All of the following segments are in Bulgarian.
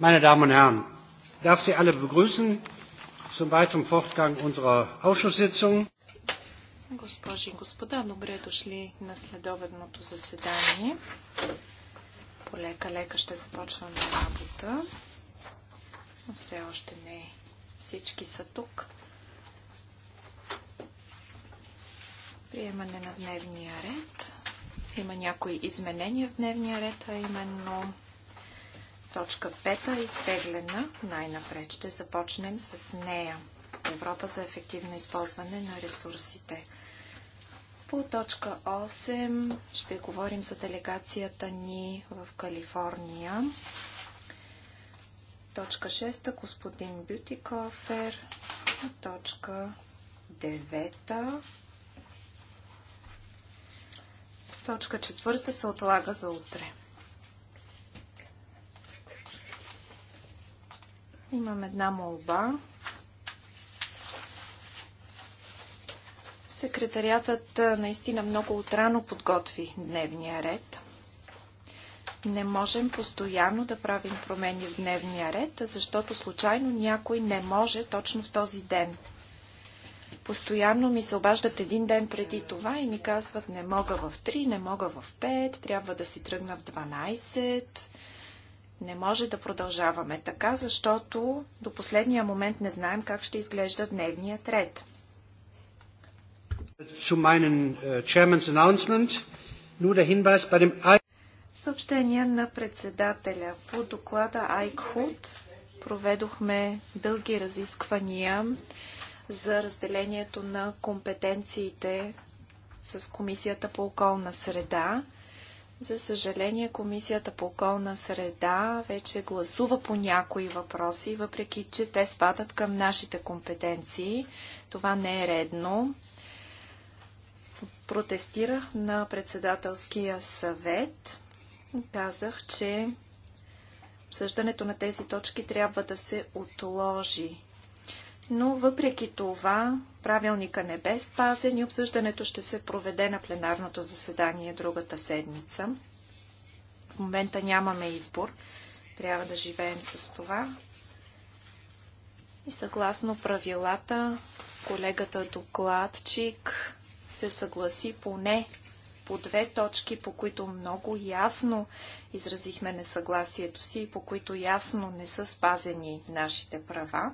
Meine Damen und Herren, ich darf Sie alle begrüßen zum weiteren Fortgang unserer Ausschusssitzung. Госпожи и господа, добре дошли на следобедното заседание. Полека-лека ще започваме работа, но все още не всички са тук. Приемане на дневния ред. Има някои изменения в дневния ред, а именно Точка 5 е изтеглена. Най-напред ще започнем с нея. Европа за ефективно използване на ресурсите. По точка 8 ще говорим за делегацията ни в Калифорния. Точка 6 господин Бютикофер. Точка 9 Точка 4 се отлага за утре. Имам една молба. Секретариатът наистина много отрано подготви дневния ред. Не можем постоянно да правим промени в дневния ред, защото случайно някой не може точно в този ден. Постоянно ми се обаждат един ден преди това и ми казват не мога в 3, не мога в 5, трябва да си тръгна в 12. Не може да продължаваме така, защото до последния момент не знаем как ще изглежда дневният ред. Äh, Съобщение на председателя по доклада Айкхуд проведохме дълги разисквания за разделението на компетенциите с Комисията по околна среда. За съжаление, Комисията по околна среда вече гласува по някои въпроси, въпреки че те спадат към нашите компетенции. Това не е редно. Протестирах на председателския съвет. Казах, че обсъждането на тези точки трябва да се отложи но въпреки това правилника не бе спазен и обсъждането ще се проведе на пленарното заседание другата седмица. В момента нямаме избор. Трябва да живеем с това. И съгласно правилата, колегата докладчик се съгласи поне по две точки, по които много ясно изразихме несъгласието си и по които ясно не са спазени нашите права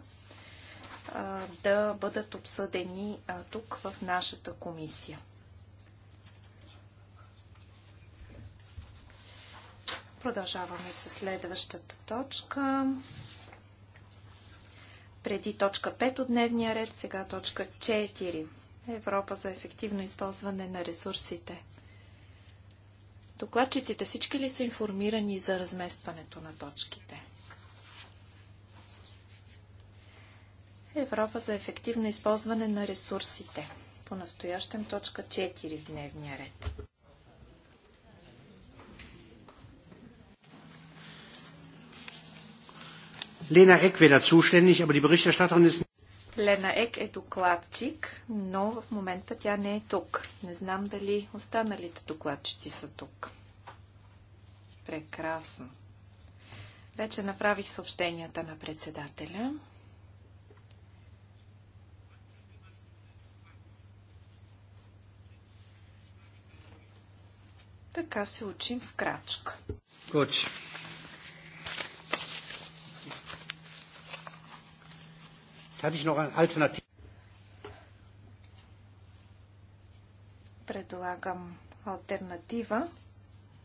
да бъдат обсъдени тук в нашата комисия. Продължаваме с следващата точка. Преди точка 5 от дневния ред, сега точка 4. Европа за ефективно използване на ресурсите. Докладчиците всички ли са информирани за разместването на точките? Европа за ефективно използване на ресурсите. По настоящем точка 4 в дневния ред. Лена Ек Лена Ек е докладчик, но в момента тя не е тук. Не знам дали останалите докладчици са тук. Прекрасно. Вече направих съобщенията на председателя. Така се учим в крачка. Кочи. Предлагам альтернатива,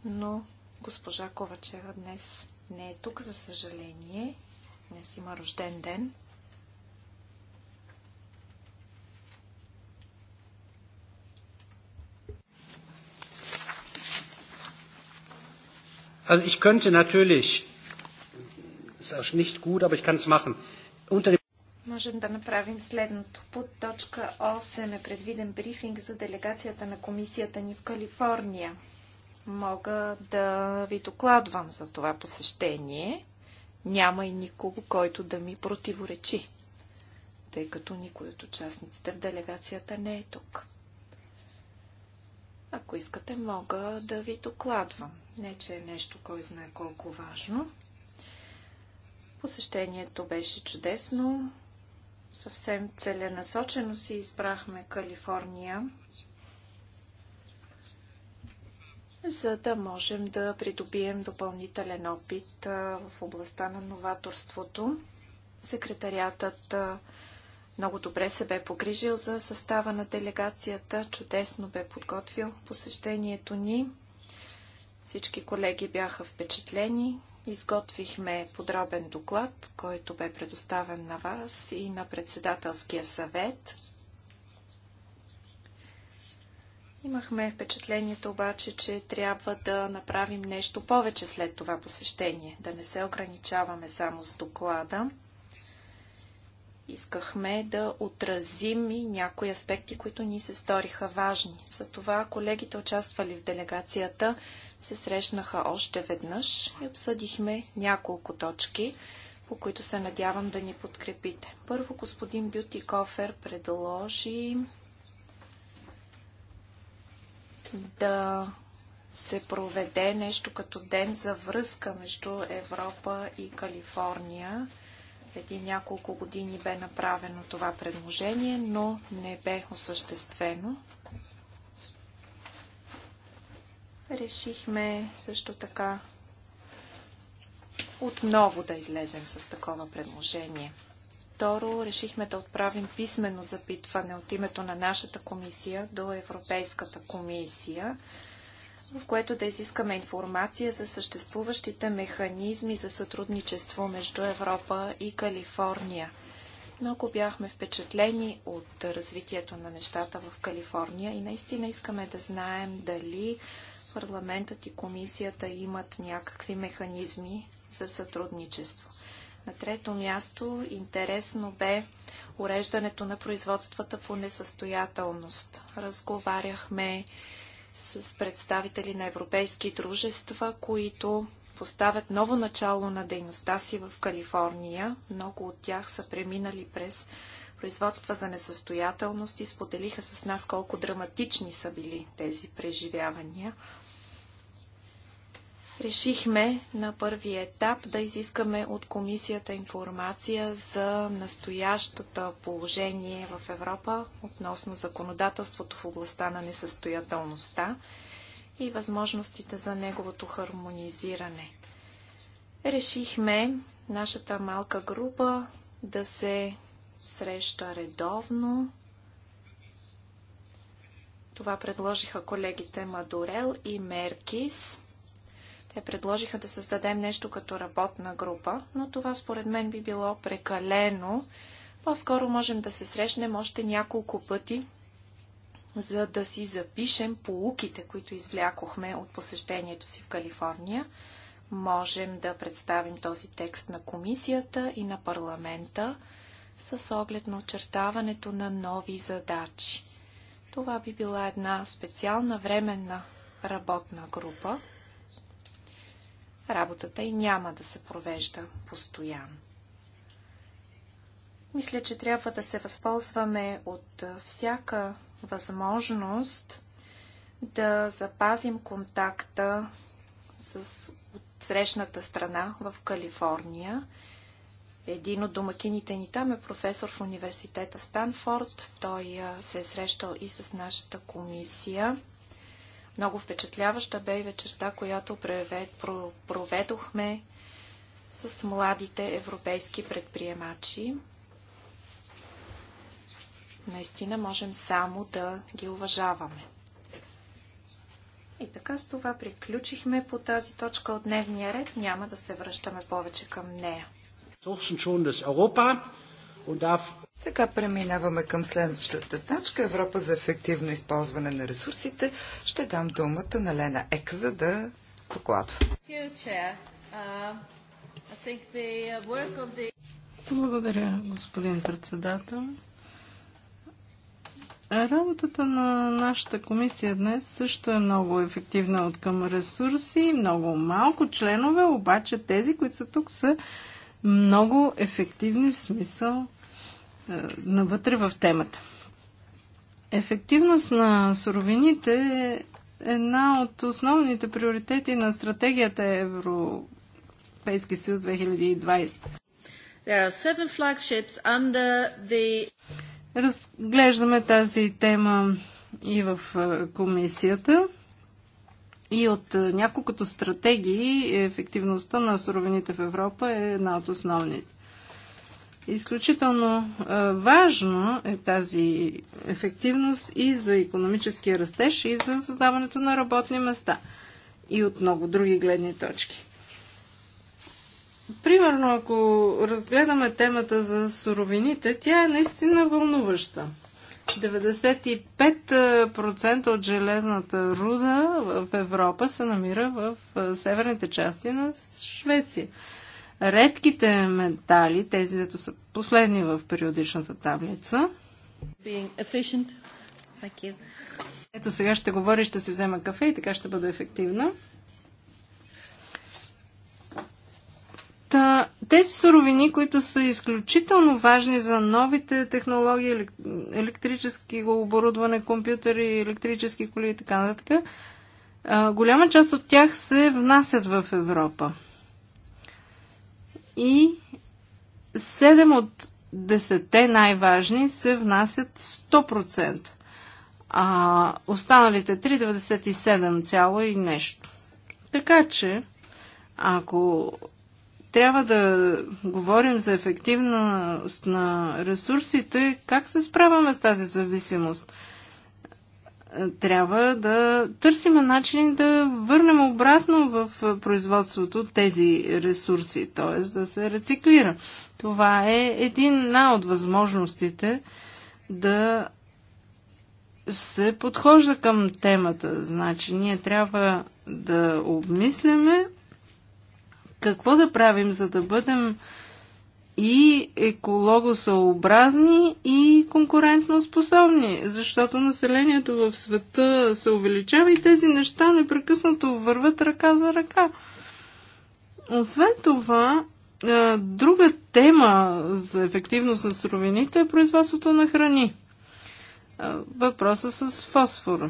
но госпожа Ковачева днес не е тук, за съжаление. Днес има рожден ден. Also ich könnte natürlich, ist auch nicht gut, aber ich kann es machen. Unter Можем да направим следното. Под точка 8 е предвиден брифинг за делегацията на комисията ни в Калифорния. Мога да ви докладвам за това посещение. Няма и никого, който да ми противоречи, тъй като никой от участниците в делегацията не е тук. Ако искате, мога да ви докладвам. Не, че е нещо, кой знае колко важно. Посещението беше чудесно. Съвсем целенасочено си избрахме Калифорния, за да можем да придобием допълнителен опит в областта на новаторството. Секретариатът много добре се бе погрижил за състава на делегацията, чудесно бе подготвил посещението ни. Всички колеги бяха впечатлени. Изготвихме подробен доклад, който бе предоставен на вас и на председателския съвет. Имахме впечатлението обаче, че трябва да направим нещо повече след това посещение, да не се ограничаваме само с доклада. Искахме да отразим и някои аспекти, които ни се сториха важни. Затова колегите, участвали в делегацията, се срещнаха още веднъж и обсъдихме няколко точки, по които се надявам да ни подкрепите. Първо, господин Бюти Кофер предложи да се проведе нещо като ден за връзка между Европа и Калифорния. Преди няколко години бе направено това предложение, но не бе осъществено. Решихме също така отново да излезем с такова предложение. Второ, решихме да отправим писмено запитване от името на нашата комисия до Европейската комисия в което да изискаме информация за съществуващите механизми за сътрудничество между Европа и Калифорния. Много бяхме впечатлени от развитието на нещата в Калифорния и наистина искаме да знаем дали парламентът и комисията имат някакви механизми за сътрудничество. На трето място интересно бе уреждането на производствата по несъстоятелност. Разговаряхме с представители на европейски дружества, които поставят ново начало на дейността си в Калифорния. Много от тях са преминали през производства за несъстоятелност и споделиха с нас колко драматични са били тези преживявания. Решихме на първи етап да изискаме от комисията информация за настоящата положение в Европа относно законодателството в областта на несъстоятелността и възможностите за неговото хармонизиране. Решихме нашата малка група да се среща редовно. Това предложиха колегите Мадорел и Меркис. Те предложиха да създадем нещо като работна група, но това според мен би било прекалено. По-скоро можем да се срещнем още няколко пъти, за да си запишем полуките, които извлякохме от посещението си в Калифорния. Можем да представим този текст на комисията и на парламента с оглед на очертаването на нови задачи. Това би била една специална временна работна група, работата и няма да се провежда постоянно. Мисля, че трябва да се възползваме от всяка възможност да запазим контакта с срещната страна в Калифорния. Един от домакините ни там е професор в университета Станфорд. Той се е срещал и с нашата комисия. Много впечатляваща бе и вечерта, която проведохме с младите европейски предприемачи. Наистина можем само да ги уважаваме. И така с това приключихме по тази точка от дневния ред. Няма да се връщаме повече към нея. Сега преминаваме към следващата точка Европа за ефективно използване на ресурсите. Ще дам думата на Лена Екза да покладва. Благодаря, господин председател. Работата на нашата комисия днес също е много ефективна от към ресурси, много малко членове, обаче тези, които са тук, са много ефективни в смисъл е, навътре в темата. Ефективност на суровините е една от основните приоритети на стратегията Европейски съюз 2020. The... Разглеждаме тази тема и в е, комисията. И от е, няколкото стратегии ефективността на суровините в Европа е една от основните. Изключително важно е тази ефективност и за економическия растеж, и за създаването на работни места и от много други гледни точки. Примерно, ако разгледаме темата за суровините, тя е наистина вълнуваща. 95% от железната руда в Европа се намира в северните части на Швеция редките метали, тези, дето са последни в периодичната таблица. Ето сега ще говоря, ще си взема кафе и така ще бъда ефективна. Та, тези суровини, които са изключително важни за новите технологии, електрически оборудване, компютъри, електрически коли и така нататък, голяма част от тях се внасят в Европа и 7 от 10 най-важни се внасят 100%, а останалите 3,97 цяло и нещо. Така че, ако трябва да говорим за ефективност на ресурсите, как се справяме с тази зависимост? Е, трябва да търсим начин да върнем обратно в е, производството тези ресурси, т.е. да се рециклира. Това е една от възможностите да се подхожда към темата. Значи, ние трябва да обмисляме какво да правим, за да бъдем и екологосъобразни и конкурентно способни, защото населението в света се увеличава и тези неща непрекъснато върват ръка за ръка. Освен това, друга тема за ефективност на суровините е производството на храни. Въпроса с фосфора.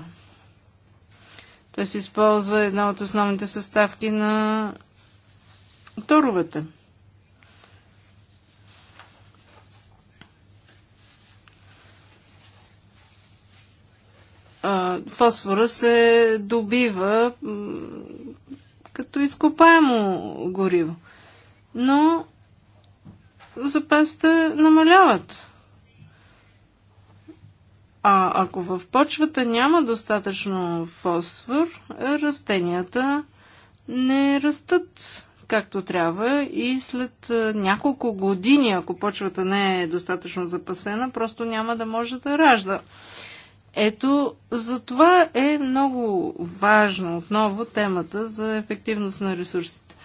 Той се използва една от основните съставки на торовете – фосфора се добива като изкопаемо гориво. Но запасите намаляват. А ако в почвата няма достатъчно фосфор, растенията не растат както трябва и след няколко години, ако почвата не е достатъчно запасена, просто няма да може да ражда ето, за това е много важно отново темата за ефективност на ресурсите.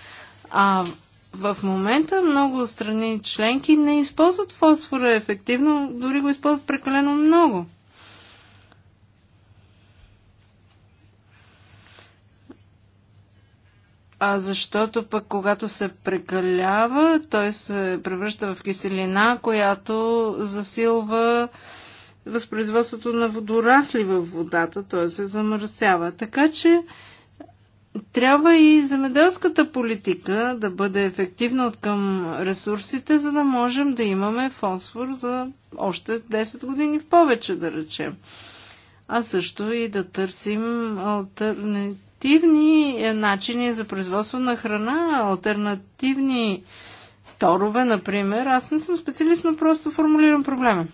А в момента много страни членки не използват фосфора ефективно, дори го използват прекалено много. А защото пък когато се прекалява, той се превръща в киселина, която засилва възпроизводството на водорасли в водата, т.е. се замърсява. Така че трябва и земеделската политика да бъде ефективна от към ресурсите, за да можем да имаме фосфор за още 10 години в повече, да речем. А също и да търсим альтернативни е, начини за производство на храна, альтернативни торове, например. Аз не съм специалист, но просто формулирам проблема.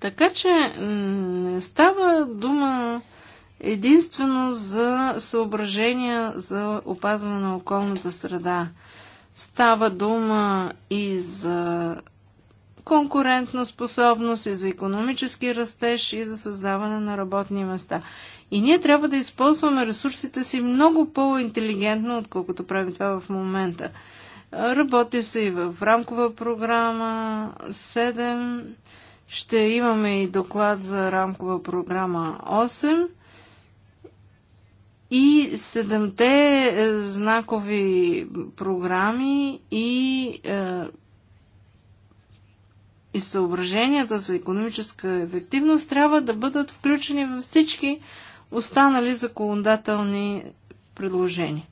Така че не става дума единствено за съображения за опазване на околната среда. Става дума и за конкурентно способност, и за економически растеж, и за създаване на работни места. И ние трябва да използваме ресурсите си много по-интелигентно, отколкото правим това в момента. Работи се и в рамкова програма 7 ще имаме и доклад за рамкова програма 8 и седемте е, знакови програми и, е, и съображенията за економическа ефективност трябва да бъдат включени във всички останали законодателни предложения.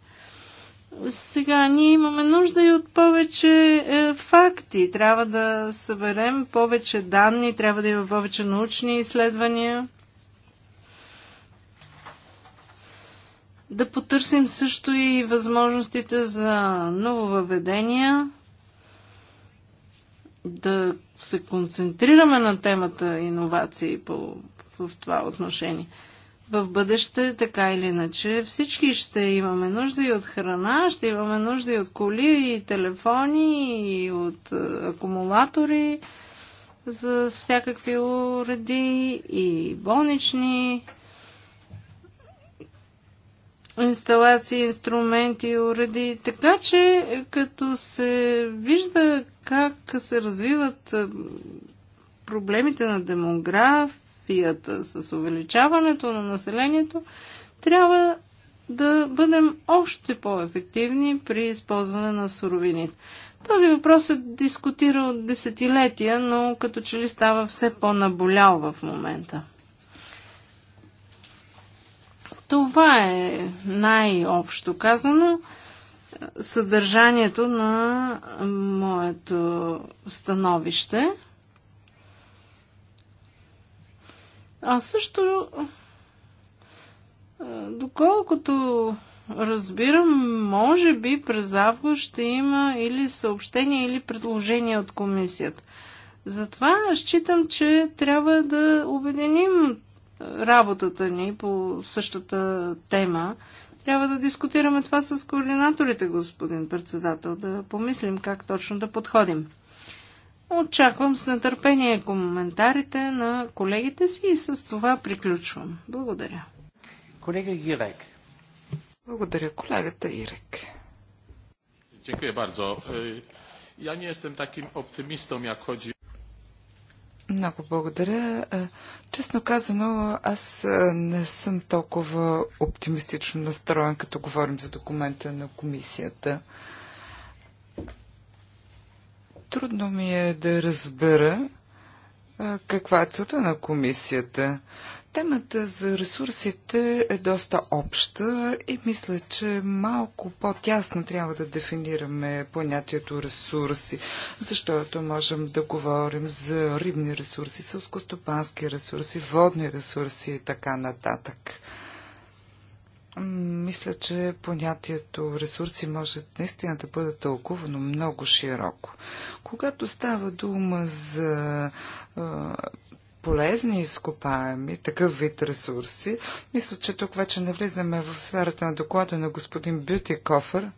Сега ние имаме нужда и от повече е, факти. Трябва да съберем повече данни, трябва да има повече научни изследвания. Да потърсим също и възможностите за нововъведения, да се концентрираме на темата иновации по, в това отношение в бъдеще, така или иначе, всички ще имаме нужда и от храна, ще имаме нужда и от коли, и телефони, и от е, акумулатори за всякакви уреди, и болнични инсталации, инструменти, уреди. Така че, като се вижда как се развиват е, проблемите на демограф, демографията, с увеличаването на населението, трябва да бъдем още по-ефективни при използване на суровините. Този въпрос се дискутира от десетилетия, но като че ли става все по-наболял в момента. Това е най-общо казано съдържанието на моето становище – А също, е, доколкото разбирам, може би през август ще има или съобщение, или предложение от комисията. Затова считам, че трябва да обединим е, работата ни по същата тема. Трябва да дискутираме това с координаторите, господин председател, да помислим как точно да подходим. Очаквам с нетърпение коментарите на колегите си и с това приключвам. Благодаря. Колега Гирек. Благодаря, колегата Ирек. Dziękuję бързо. Я не съм таким оптимистом, як chodzi. Много благодаря. Е, честно казано, аз е, не съм толкова оптимистично настроен, като говорим за документа на комисията. Трудно ми е да разбера каква е целта на комисията. Темата за ресурсите е доста обща и мисля, че малко по-тясно трябва да дефинираме понятието ресурси, защото можем да говорим за рибни ресурси, сълскостопански ресурси, водни ресурси и така нататък. Мисля, че понятието ресурси може наистина да бъде тълкувано много широко. Когато става дума за полезни изкопаеми, такъв вид ресурси. Мисля, че тук вече навлизаме в сферата на доклада на господин Бюти Кофър.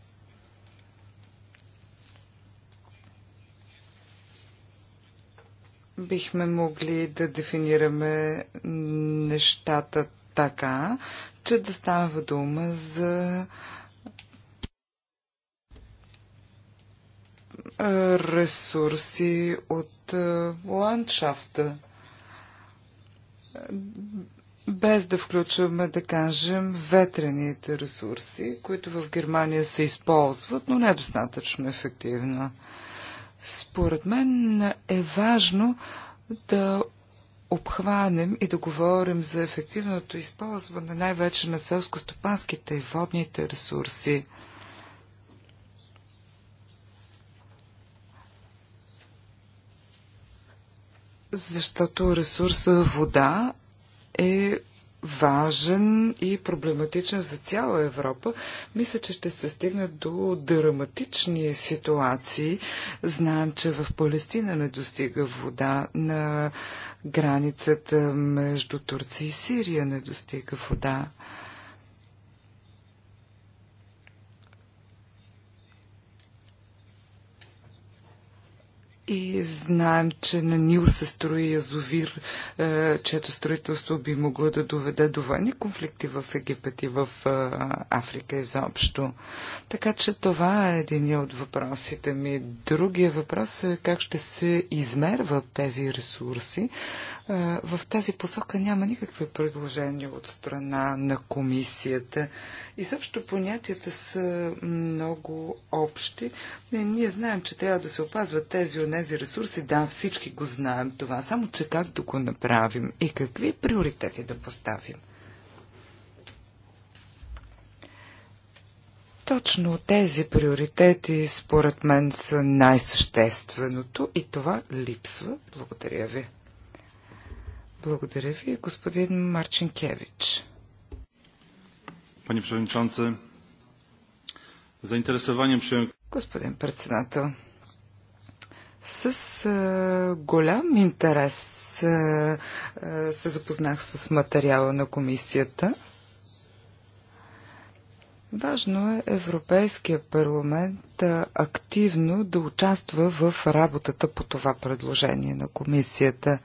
Бихме могли да дефинираме нещата така, че да става дума за ресурси от ландшафта. Без да включваме, да кажем, ветрените ресурси, които в Германия се използват, но недостатъчно ефективно. Според мен е важно да обхванем и да говорим за ефективното използване най-вече на селско-стопанските и водните ресурси. Защото ресурса вода е важен и проблематичен за цяла Европа, мисля, че ще се стигне до драматични ситуации. Знаем, че в Палестина не достига вода на границата между Турция и Сирия не достига вода. И знаем, че на Нил се строи язовир, е, чето строителство би могло да доведе до военни конфликти в Египет и в е, Африка изобщо. Така че това е един от въпросите ми. Другия въпрос е как ще се измерват тези ресурси. Е, в тази посока няма никакви предложения от страна на комисията. И също понятията са много общи. Ние знаем, че трябва да се опазват тези от тези ресурси, да, всички го знаем това, само че как да го направим и какви приоритети да поставим. Точно тези приоритети, според мен, са най-същественото и това липсва. Благодаря ви. Благодаря ви, господин Марчинкевич. Господин председател, с а, голям интерес а, а, се запознах с материала на комисията. Важно е Европейския парламент активно да участва в работата по това предложение на комисията.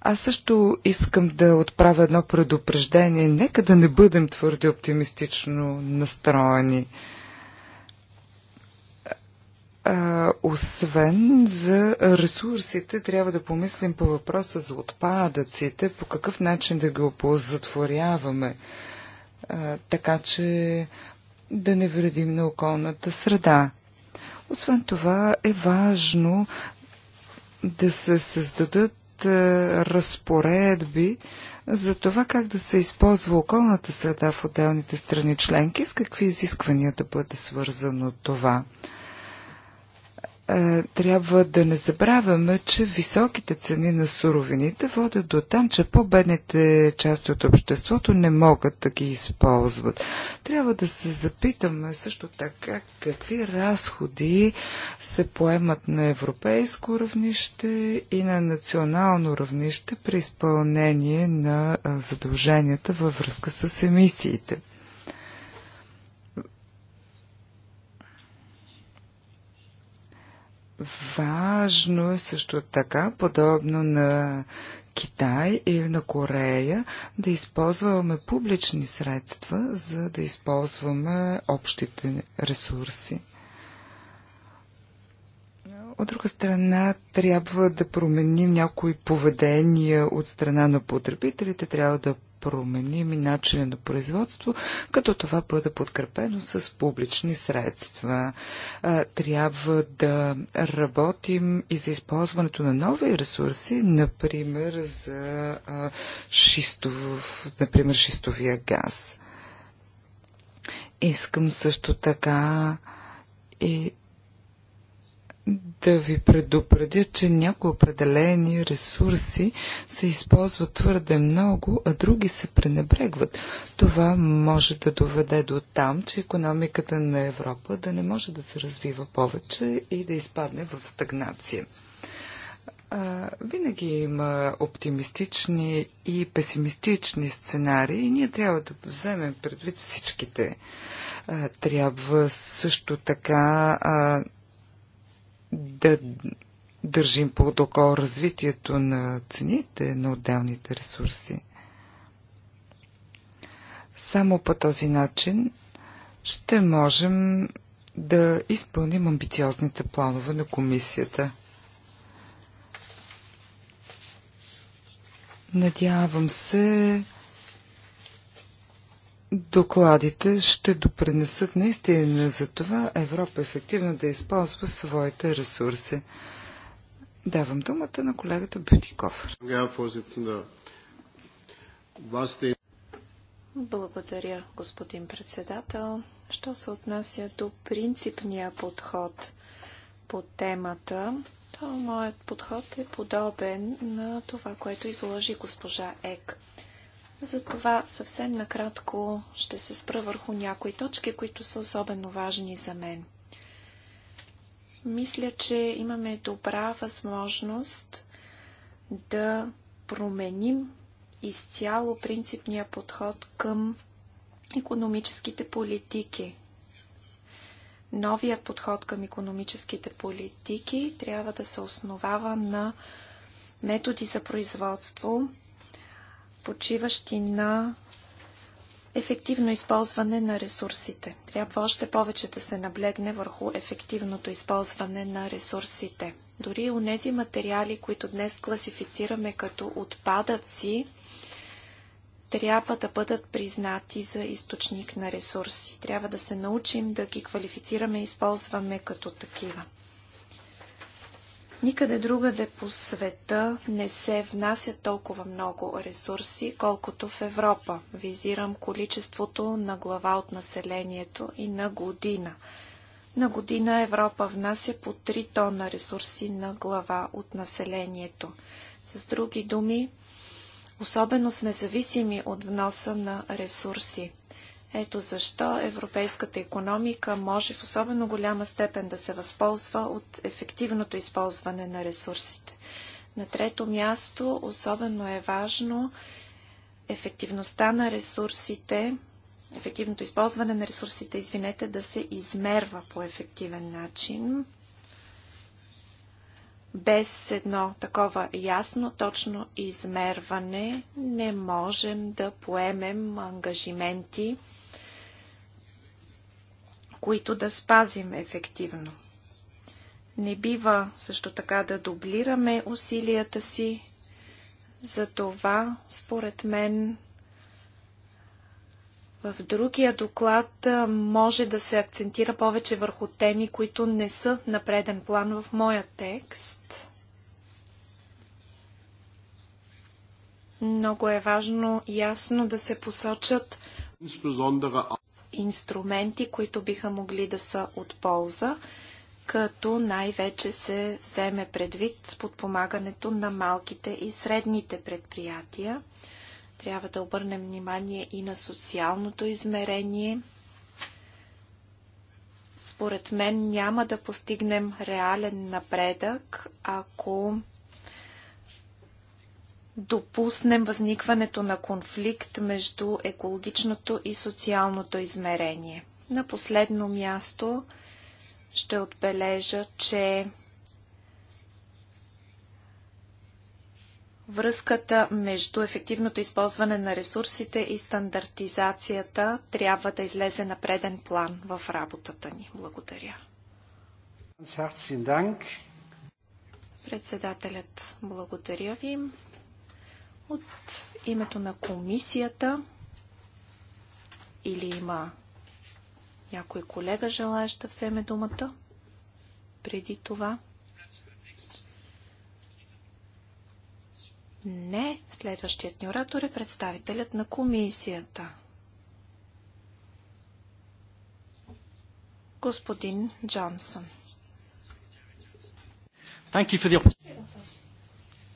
Аз също искам да отправя едно предупреждение. Нека да не бъдем твърде оптимистично настроени. А, освен за ресурсите, трябва да помислим по въпроса за отпадъците, по какъв начин да ги оползотворяваме, а, така че да не вредим на околната среда. Освен това е важно да се създадат а, разпоредби за това как да се използва околната среда в отделните страни членки, с какви изисквания да бъде свързано това. Е, трябва да не забравяме, че високите цени на суровините водят до там, че по-бедните части от обществото не могат да ги използват. Трябва да се запитаме също така какви разходи се поемат на европейско равнище и на национално равнище при изпълнение на е, задълженията във връзка с емисиите. Важно е също така, подобно на Китай или на Корея, да използваме публични средства, за да използваме общите ресурси. От друга страна, трябва да променим някои поведения от страна на потребителите, трябва да променим и начина на производство, като това бъде подкрепено с публични средства. Трябва да работим и за използването на нови ресурси, например за шистов, например, шистовия газ. Искам също така и да ви предупредя, че някои определени ресурси се използват твърде много, а други се пренебрегват. Това може да доведе до там, че економиката на Европа да не може да се развива повече и да изпадне в стагнация. А, винаги има оптимистични и песимистични сценарии и ние трябва да вземем предвид всичките. А, трябва също така а, да държим под око развитието на цените на отделните ресурси. Само по този начин ще можем да изпълним амбициозните планове на комисията. Надявам се докладите ще допренесат наистина за това Европа ефективно да използва своите ресурси. Давам думата на колегата Бютиков. Благодаря, господин председател. Що се отнася до принципния подход по темата, то моят подход е подобен на това, което изложи госпожа Ек. Затова съвсем накратко ще се спра върху някои точки, които са особено важни за мен. Мисля, че имаме добра възможност да променим изцяло принципния подход към економическите политики. Новият подход към економическите политики трябва да се основава на методи за производство, почиващи на ефективно използване на ресурсите. Трябва още повече да се наблегне върху ефективното използване на ресурсите. Дори у нези материали, които днес класифицираме като отпадъци, трябва да бъдат признати за източник на ресурси. Трябва да се научим да ги квалифицираме и използваме като такива. Никъде другаде по света не се внасят толкова много ресурси, колкото в Европа. Визирам количеството на глава от населението и на година. На година Европа внася по 3 тона ресурси на глава от населението. С други думи, особено сме зависими от вноса на ресурси. Ето защо европейската економика може в особено голяма степен да се възползва от ефективното използване на ресурсите. На трето място особено е важно ефективността на ресурсите, ефективното използване на ресурсите, извинете, да се измерва по ефективен начин. Без едно такова ясно, точно измерване не можем да поемем ангажименти които да спазим ефективно. Не бива също така да дублираме усилията си. Затова, според мен, в другия доклад може да се акцентира повече върху теми, които не са на преден план в моя текст. Много е важно ясно да се посочат инструменти, които биха могли да са от полза, като най-вече се вземе предвид подпомагането на малките и средните предприятия. Трябва да обърнем внимание и на социалното измерение. Според мен няма да постигнем реален напредък, ако допуснем възникването на конфликт между екологичното и социалното измерение. На последно място ще отбележа, че връзката между ефективното използване на ресурсите и стандартизацията трябва да излезе на преден план в работата ни. Благодаря. Председателят, благодаря ви. От името на комисията или има някой колега желаещ да вземе думата преди това? Не. Следващият ни оратор е представителят на комисията. Господин Джонсън.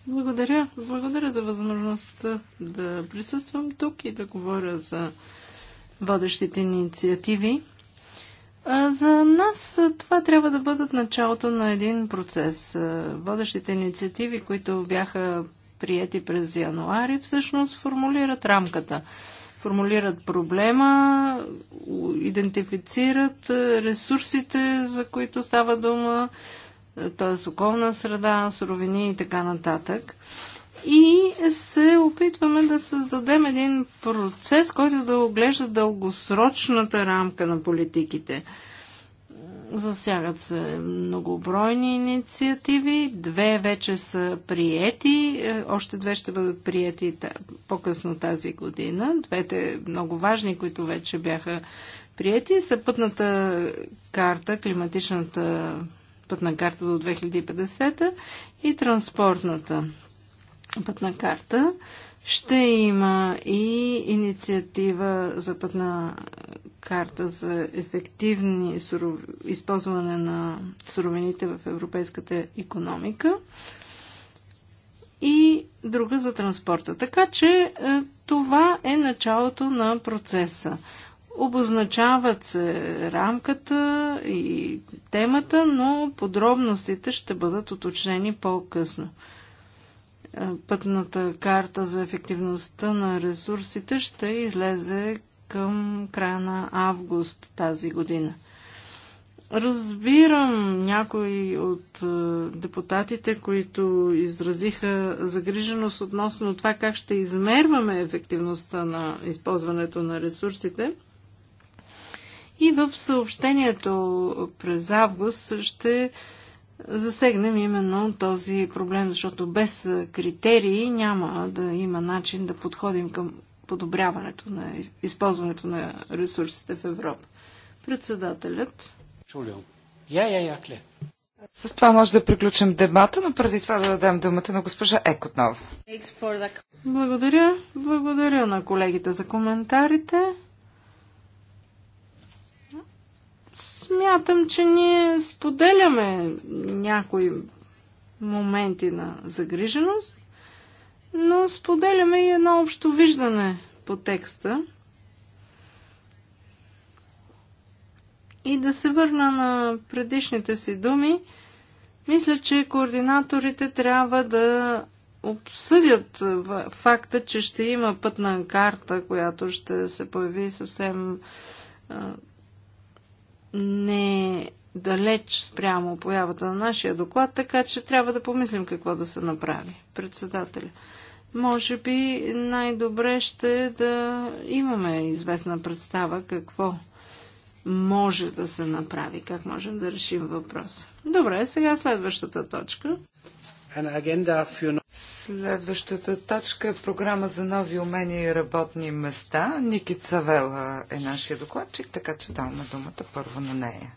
Благодаря. Благодаря за възможността да присъствам тук и да говоря за водещите инициативи. За нас това трябва да бъдат началото на един процес. Водещите инициативи, които бяха приети през януари, всъщност формулират рамката. Формулират проблема, идентифицират ресурсите, за които става дума, т.е. околна среда, суровини и така нататък. И се опитваме да създадем един процес, който да оглежда дългосрочната рамка на политиките. Засягат се многобройни инициативи, две вече са приети, е, още две ще бъдат приети по-късно тази година. Двете много важни, които вече бяха приети, са пътната карта, климатичната пътна карта до 2050 и транспортната пътна карта. Ще има и инициатива за пътна карта за ефективни суров... използване на суровините в европейската економика и друга за транспорта. Така че е, това е началото на процеса. Обозначават се рамката и темата, но подробностите ще бъдат уточнени по-късно. Е, пътната карта за ефективността на ресурсите ще излезе към края на август тази година. Разбирам някои от е, депутатите, които изразиха загриженост относно това как ще измерваме ефективността на използването на ресурсите – и в съобщението през август ще засегнем именно този проблем, защото без критерии няма да има начин да подходим към подобряването на използването на ресурсите в Европа. Председателят. Я, я, я, кле. С това може да приключим дебата, но преди това да дадем думата на госпожа Ек отново. Благодаря. Благодаря на колегите за коментарите. Смятам, че ние споделяме някои моменти на загриженост, но споделяме и едно общо виждане по текста. И да се върна на предишните си думи, мисля, че координаторите трябва да обсъдят факта, че ще има пътна карта, която ще се появи съвсем не е далеч спрямо появата на нашия доклад, така че трябва да помислим какво да се направи. Председателя. Може би най-добре ще е да имаме известна представа какво може да се направи, как можем да решим въпроса. Добре, сега следващата точка. Следващата точка е програма за нови умения и работни места. Ники Цавела е нашия докладчик, така че даваме думата първо на нея.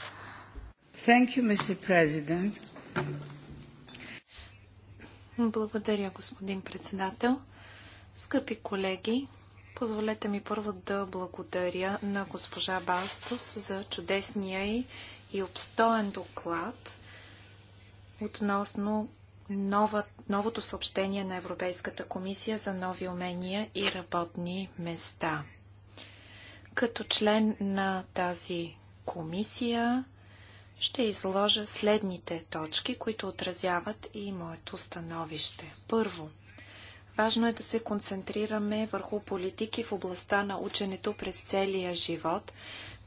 Thank you, Mr. President. Благодаря, господин председател. Скъпи колеги, позволете ми първо да благодаря на госпожа Бастос за чудесния и обстоен доклад относно нова, новото съобщение на Европейската комисия за нови умения и работни места. Като член на тази комисия ще изложа следните точки, които отразяват и моето становище. Първо, важно е да се концентрираме върху политики в областта на ученето през целия живот,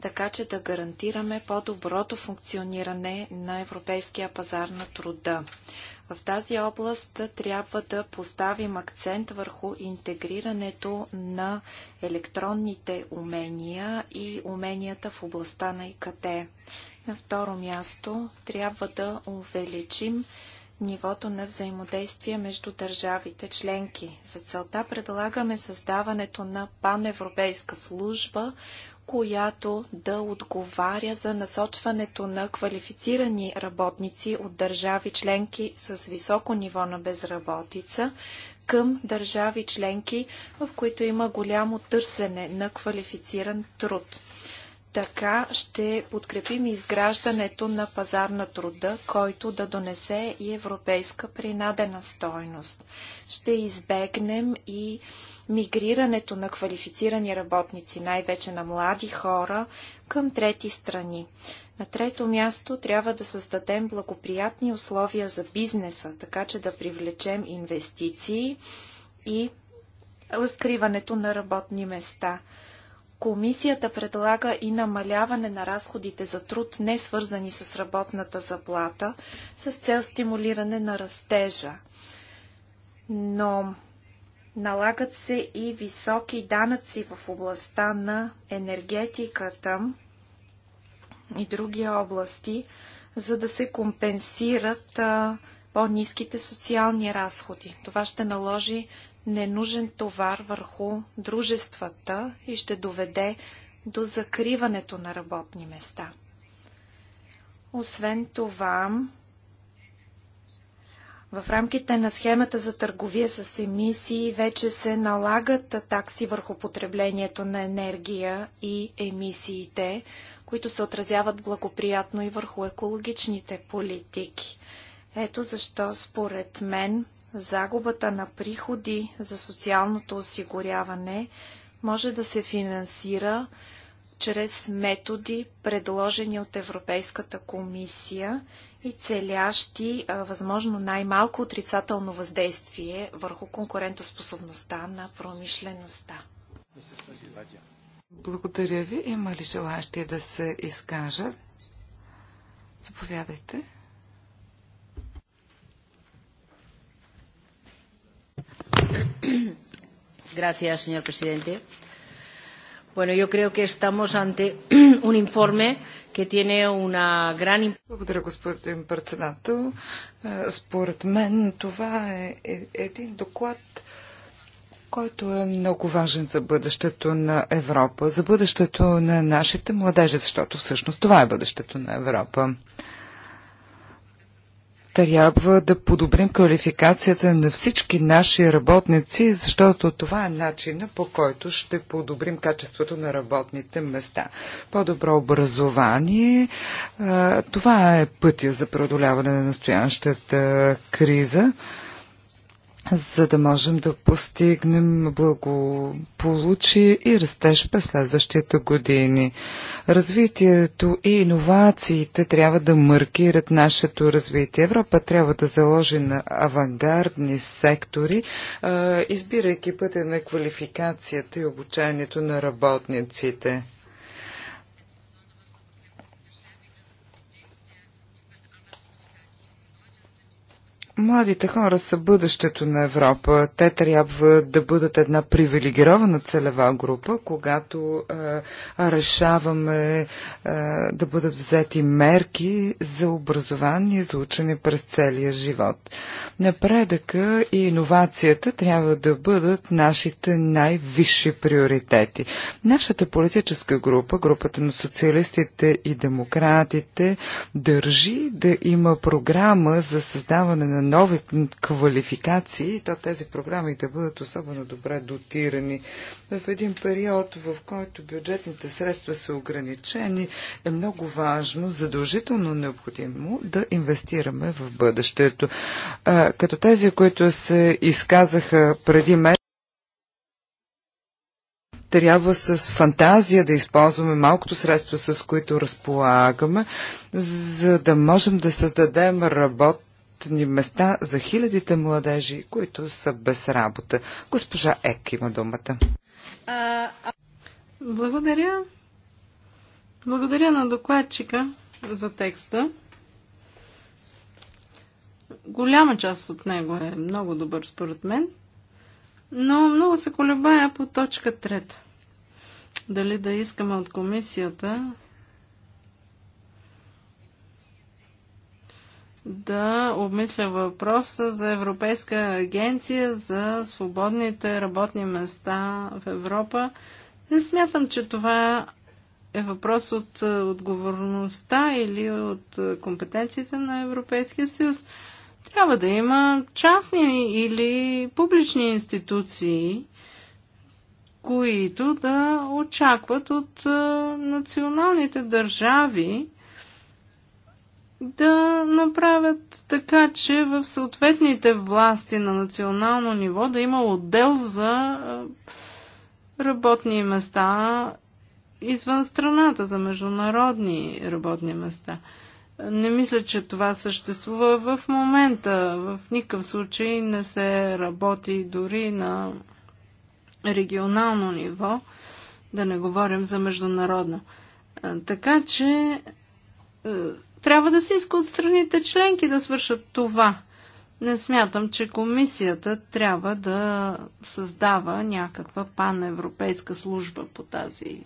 така че да гарантираме по-доброто функциониране на европейския пазар на труда. В тази област трябва да поставим акцент върху интегрирането на електронните умения и уменията в областта на ИКТ. На второ място трябва да увеличим нивото на взаимодействие между държавите членки. За целта предлагаме създаването на паневропейска служба, която да отговаря за насочването на квалифицирани работници от държави членки с високо ниво на безработица към държави членки, в които има голямо търсене на квалифициран труд. Така ще подкрепим изграждането на пазар на труда, който да донесе и европейска принадена стойност. Ще избегнем и мигрирането на квалифицирани работници, най-вече на млади хора, към трети страни. На трето място трябва да създадем благоприятни условия за бизнеса, така че да привлечем инвестиции и разкриването на работни места. Комисията предлага и намаляване на разходите за труд, не свързани с работната заплата, с цел стимулиране на растежа. Но Налагат се и високи данъци в областта на енергетиката и други области, за да се компенсират по-низките социални разходи. Това ще наложи ненужен товар върху дружествата и ще доведе до закриването на работни места. Освен това, в рамките на схемата за търговия с емисии вече се налагат такси върху потреблението на енергия и емисиите, които се отразяват благоприятно и върху екологичните политики. Ето защо, според мен, загубата на приходи за социалното осигуряване може да се финансира чрез методи, предложени от Европейската комисия и целящи а, възможно най-малко отрицателно въздействие върху конкурентоспособността на промишлеността. Благодаря ви. Има ли желащи да се изкажат? Заповядайте. Gracias, señor presidente. Bueno, yo creo que estamos ante un informe que tiene una gran... Благодаря, господин председател. Е, според мен това е, е един доклад, който е много важен за бъдещето на Европа, за бъдещето на нашите младежи, защото всъщност това е бъдещето на Европа трябва да подобрим квалификацията на всички наши работници, защото това е начина по който ще подобрим качеството на работните места. По-добро образование, това е пътя за преодоляване на настоящата криза за да можем да постигнем благополучие и растеж през следващите години. Развитието и иновациите трябва да маркират нашето развитие. Европа трябва да заложи на авангардни сектори, избирайки пътя на квалификацията и обучението на работниците. Младите хора са бъдещето на Европа. Те трябва да бъдат една привилегирована целева група, когато е, решаваме е, да бъдат взети мерки за образование и за учене през целия живот. Напредъка и иновацията трябва да бъдат нашите най-висши приоритети. Нашата политическа група, групата на социалистите и демократите, държи да има програма за създаване на нови квалификации, то тези програми да бъдат особено добре дотирани. В един период, в който бюджетните средства са ограничени, е много важно, задължително необходимо да инвестираме в бъдещето. Като тези, които се изказаха преди мен, трябва с фантазия да използваме малкото средства, с които разполагаме, за да можем да създадем работ, работни места за хилядите младежи, които са без работа. Госпожа Ек има думата. Благодаря. Благодаря на докладчика за текста. Голяма част от него е много добър според мен, но много се колебая по точка трета. Дали да искаме от комисията да обмисля въпроса за Европейска агенция за свободните работни места в Европа. Не смятам, че това е въпрос от е, отговорността или от е, компетенциите на Европейския съюз. Трябва да има частни или публични институции, които да очакват от е, националните държави да направят така, че в съответните власти на национално ниво да има отдел за работни места извън страната, за международни работни места. Не мисля, че това съществува в момента. В никакъв случай не се работи дори на регионално ниво, да не говорим за международно. Така че трябва да се иска от страните членки да свършат това. Не смятам, че комисията трябва да създава някаква паневропейска служба по тази,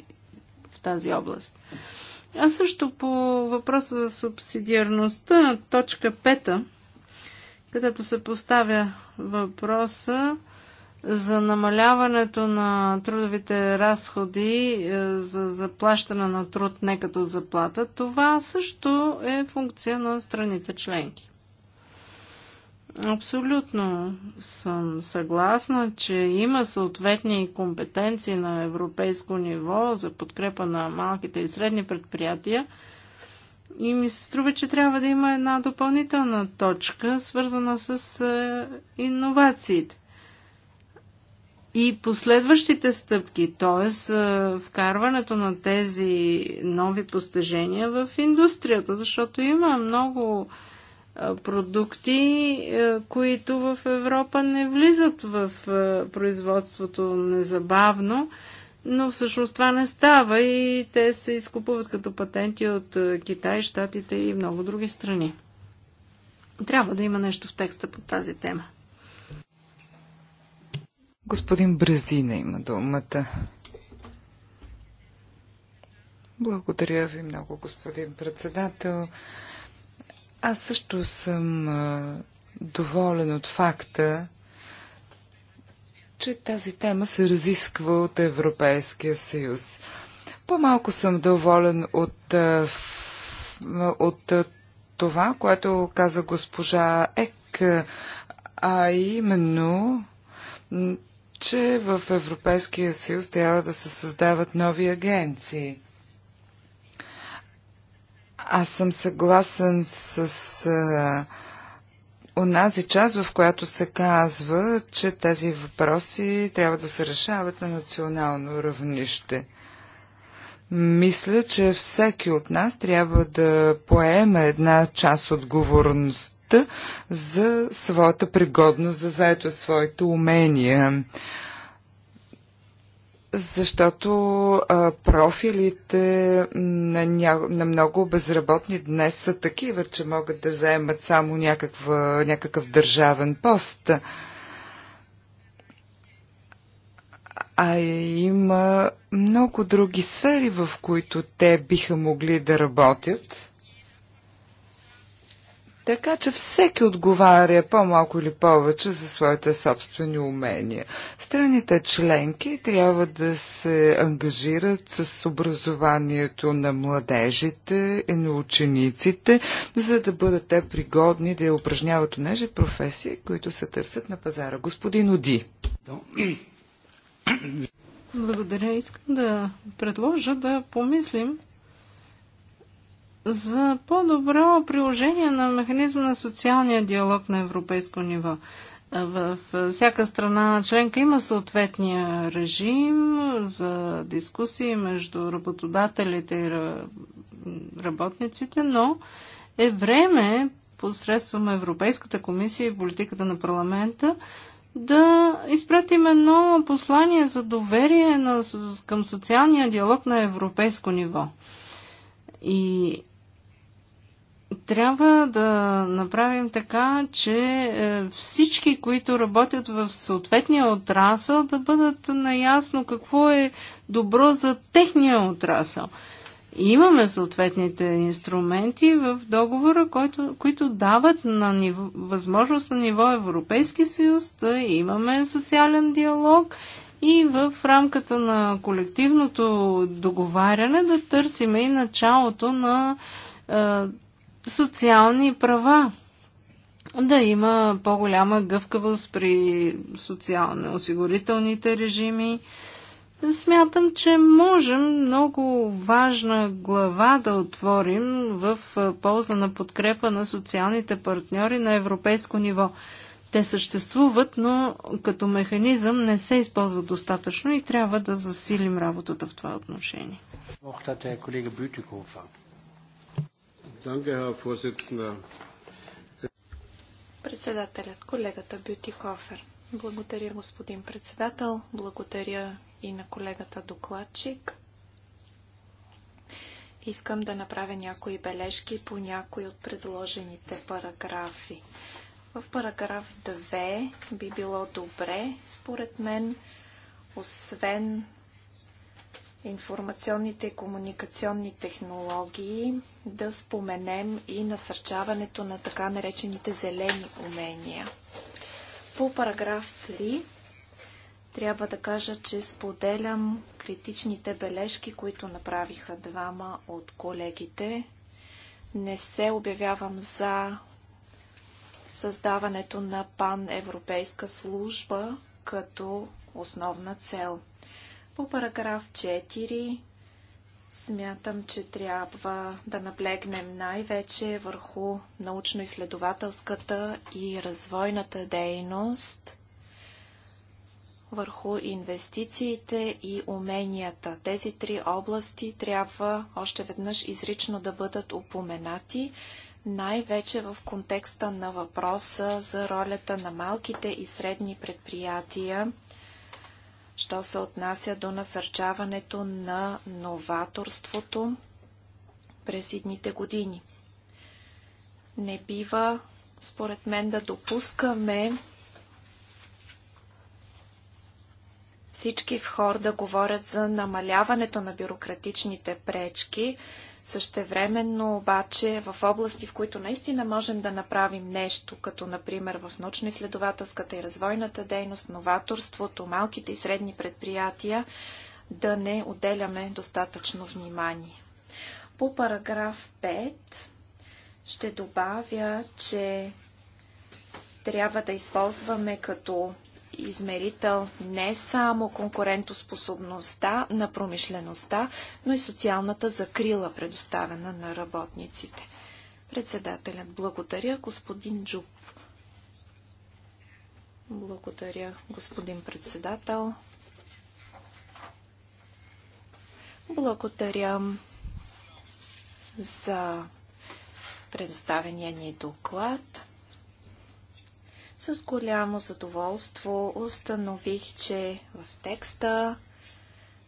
в тази област. А също по въпроса за субсидиарността, точка 5, където се поставя въпроса за намаляването на трудовите разходи е, за заплащане на труд не като заплата, това също е функция на страните членки. Абсолютно съм съгласна, че има съответни компетенции на европейско ниво за подкрепа на малките и средни предприятия. И ми се струва, че трябва да има една допълнителна точка, свързана с е, иновациите и последващите стъпки, т.е. вкарването на тези нови постижения в индустрията, защото има много продукти, които в Европа не влизат в производството незабавно, но всъщност това не става и те се изкупуват като патенти от Китай, Штатите и много други страни. Трябва да има нещо в текста по тази тема. Господин Бразина има думата. Благодаря ви много, господин председател. Аз също съм доволен от факта, че тази тема се разисква от Европейския съюз. По-малко съм доволен от, от това, което каза госпожа Ек, а именно че в Европейския съюз трябва да се създават нови агенции. Аз съм съгласен с а, онази част, в която се казва, че тези въпроси трябва да се решават на национално равнище. Мисля, че всеки от нас трябва да поеме една част отговорност памета за своята пригодност, за заето своите умения защото а, профилите на, ня... на много безработни днес са такива, че могат да заемат само някаква, някакъв държавен пост. А има много други сфери, в които те биха могли да работят. Така че всеки отговаря по-малко или повече за своите собствени умения. Страните членки трябва да се ангажират с образованието на младежите и на учениците, за да бъдат те пригодни да упражняват онежи професии, които се търсят на пазара. Господин Оди. Благодаря. Искам да предложа да помислим за по-добро приложение на механизма на социалния диалог на европейско ниво. В всяка страна членка има съответния режим за дискусии между работодателите и работниците, но е време посредством Европейската комисия и политиката на парламента да изпратим едно послание за доверие на, към социалния диалог на европейско ниво. И трябва да направим така, че е, всички, които работят в съответния отрасъл, да бъдат наясно какво е добро за техния отрасъл. Имаме съответните инструменти в договора, който, които дават на ниво, възможност на ниво Европейски съюз да имаме социален диалог и в рамката на колективното договаряне да търсиме и началото на е, социални права. Да има по-голяма гъвкавост при социално-осигурителните режими. Смятам, че можем много важна глава да отворим в полза на подкрепа на социалните партньори на европейско ниво. Те съществуват, но като механизъм не се използва достатъчно и трябва да засилим работата в това отношение. Мохтата е колега Бютикова. Danke, Herr Vorsitzender. Председателят, колегата Бютикофер. Благодаря, господин председател. Благодаря и на колегата докладчик. Искам да направя някои бележки по някои от предложените параграфи. В параграф 2 би било добре, според мен, освен информационните и комуникационни технологии, да споменем и насърчаването на така наречените зелени умения. По параграф 3 трябва да кажа, че споделям критичните бележки, които направиха двама от колегите. Не се обявявам за създаването на паневропейска служба като основна цел – по параграф 4 смятам, че трябва да наблегнем най-вече върху научно-изследователската и развойната дейност, върху инвестициите и уменията. Тези три области трябва още веднъж изрично да бъдат упоменати, най-вече в контекста на въпроса за ролята на малките и средни предприятия – що се отнася до насърчаването на новаторството през идните години. Не бива, според мен, да допускаме всички в хор да говорят за намаляването на бюрократичните пречки, Същевременно обаче в области, в които наистина можем да направим нещо, като например в научно-изследователската и развойната дейност, новаторството, малките и средни предприятия, да не отделяме достатъчно внимание. По параграф 5 ще добавя, че трябва да използваме като измерител не само конкурентоспособността на промишлеността, но и социалната закрила, предоставена на работниците. Председателят благодаря, господин Джуб. Благодаря, господин председател. Благодаря за предоставения ни доклад. С голямо задоволство установих, че в текста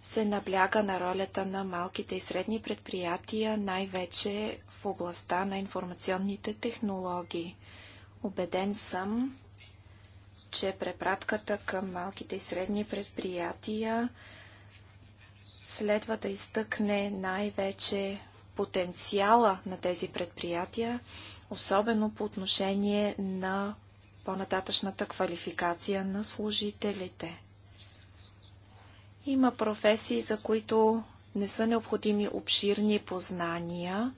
се набляга на ролята на малките и средни предприятия, най-вече в областта на информационните технологии. Обеден съм, че препратката към малките и средни предприятия следва да изтъкне най-вече потенциала на тези предприятия, особено по отношение на по-нататъчната квалификация на служителите. Има професии, за които не са необходими обширни познания,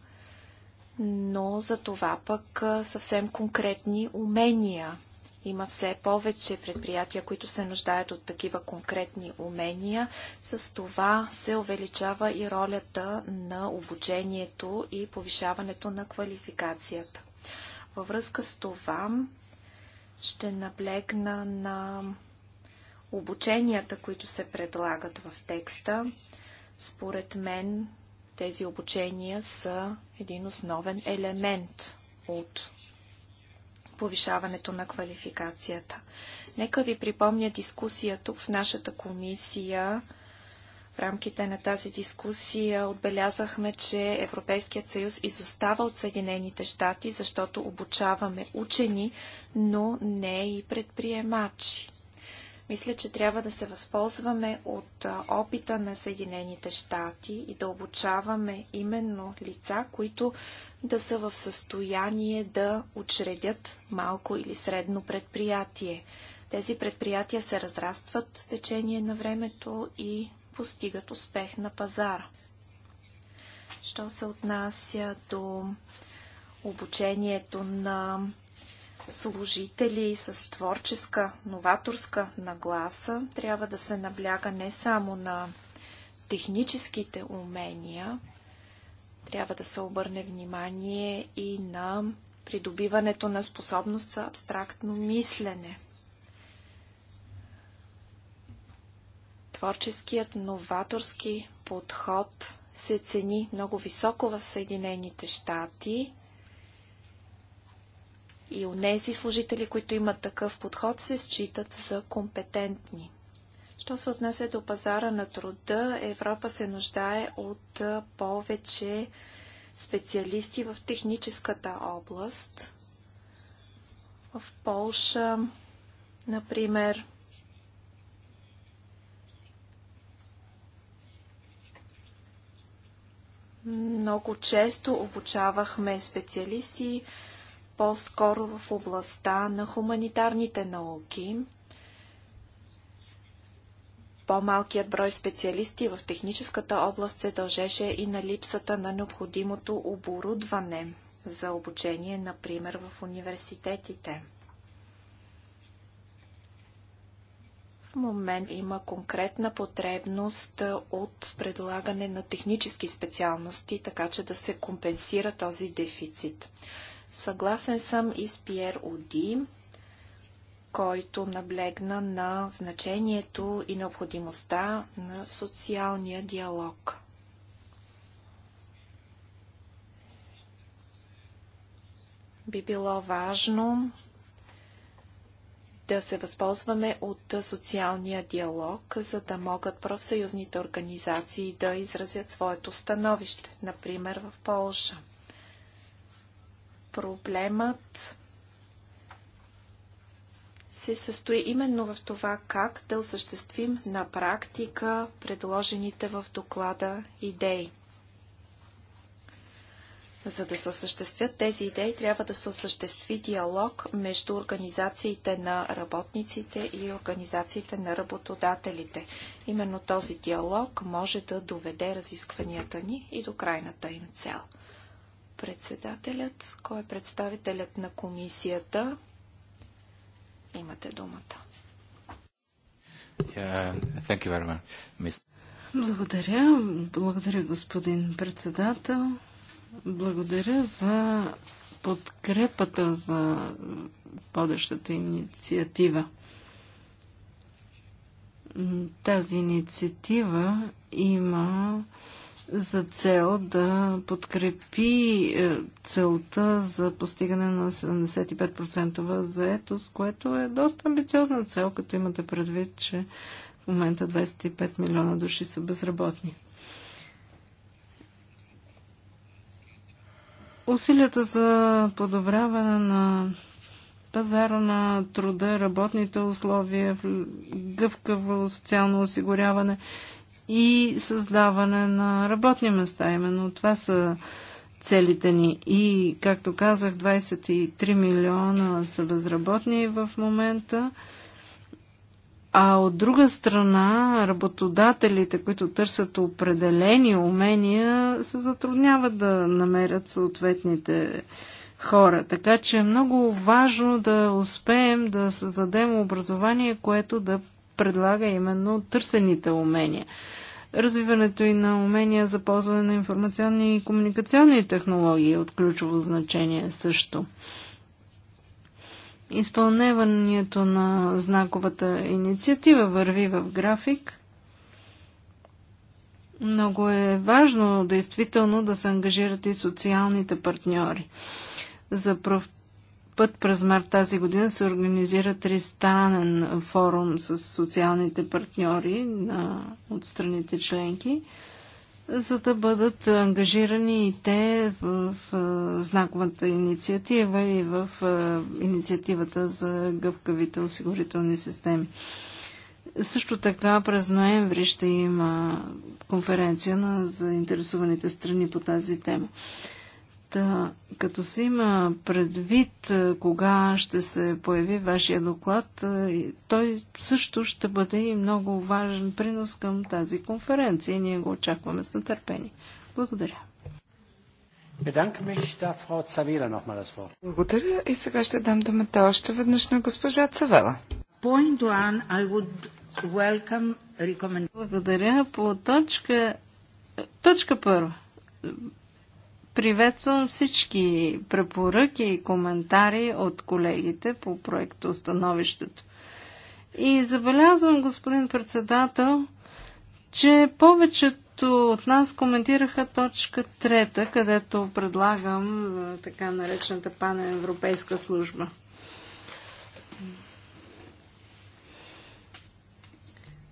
но за това пък съвсем конкретни умения. Има все повече предприятия, които се нуждаят от такива конкретни умения. С това се увеличава и ролята на обучението и повишаването на квалификацията. Във връзка с това, ще наблегна на обученията, които се предлагат в текста. Според мен тези обучения са един основен елемент от повишаването на квалификацията. Нека ви припомня дискусия тук в нашата комисия в рамките на тази дискусия отбелязахме, че Европейският съюз изостава от Съединените щати, защото обучаваме учени, но не и предприемачи. Мисля, че трябва да се възползваме от опита на Съединените щати и да обучаваме именно лица, които да са в състояние да учредят малко или средно предприятие. Тези предприятия се разрастват с течение на времето и постигат успех на пазара. Що се отнася до обучението на служители с творческа, новаторска нагласа, трябва да се набляга не само на техническите умения, трябва да се обърне внимание и на придобиването на способност за абстрактно мислене. Творческият новаторски подход се цени много високо в Съединените щати и у нези служители, които имат такъв подход, се считат за компетентни. Що се отнесе до пазара на труда, Европа се нуждае от повече специалисти в техническата област. В Полша, например, Много често обучавахме специалисти по-скоро в областта на хуманитарните науки. По-малкият брой специалисти в техническата област се дължеше и на липсата на необходимото оборудване за обучение, например в университетите – момент има конкретна потребност от предлагане на технически специалности, така че да се компенсира този дефицит. Съгласен съм и с Пьер Оди, който наблегна на значението и необходимостта на социалния диалог. Би било важно да се възползваме от социалния диалог, за да могат профсъюзните организации да изразят своето становище, например в Полша. Проблемът се състои именно в това как да осъществим на практика предложените в доклада идеи. За да се осъществят тези идеи, трябва да се осъществи диалог между организациите на работниците и организациите на работодателите. Именно този диалог може да доведе разискванията ни и до крайната им цел. Председателят, кой е представителят на комисията? Имате думата. Yeah, Благодаря. Благодаря, господин председател. Благодаря за подкрепата за бъдещата инициатива. Тази инициатива има за цел да подкрепи е, целта за постигане на 75% заетост, което е доста амбициозна цел, като имате предвид, че в момента 25 милиона души са безработни. Усилията за подобряване на пазара на труда, работните условия, гъвкаво социално осигуряване и създаване на работни места. Именно това са целите ни. И, както казах, 23 милиона са безработни в момента. А от друга страна, работодателите, които търсят определени умения, се затрудняват да намерят съответните хора. Така че е много важно да успеем да създадем образование, което да предлага именно търсените умения. Развиването и на умения за ползване на информационни и комуникационни технологии е от ключово значение също. Изпълняването на знаковата инициатива върви в график. Много е важно действително да се ангажират и социалните партньори. За пръв път през март тази година се организира тристранен форум с социалните партньори на, от страните членки за да бъдат ангажирани и те в, знаковата инициатива и в инициативата за гъвкавите осигурителни системи. Също така през ноември ще има конференция на заинтересованите страни по тази тема. Та, като се има предвид е, кога ще се появи вашия доклад, е, той също ще бъде и много важен принос към тази конференция. Ние го очакваме с нетърпение. Благодаря. Благодаря и сега ще дам думата още веднъж на госпожа Цавела. Благодаря по точка... Е, точка първа приветствам всички препоръки и коментари от колегите по проекто становището. И забелязвам, господин председател, че повечето от нас коментираха точка трета, където предлагам така наречената паневропейска служба.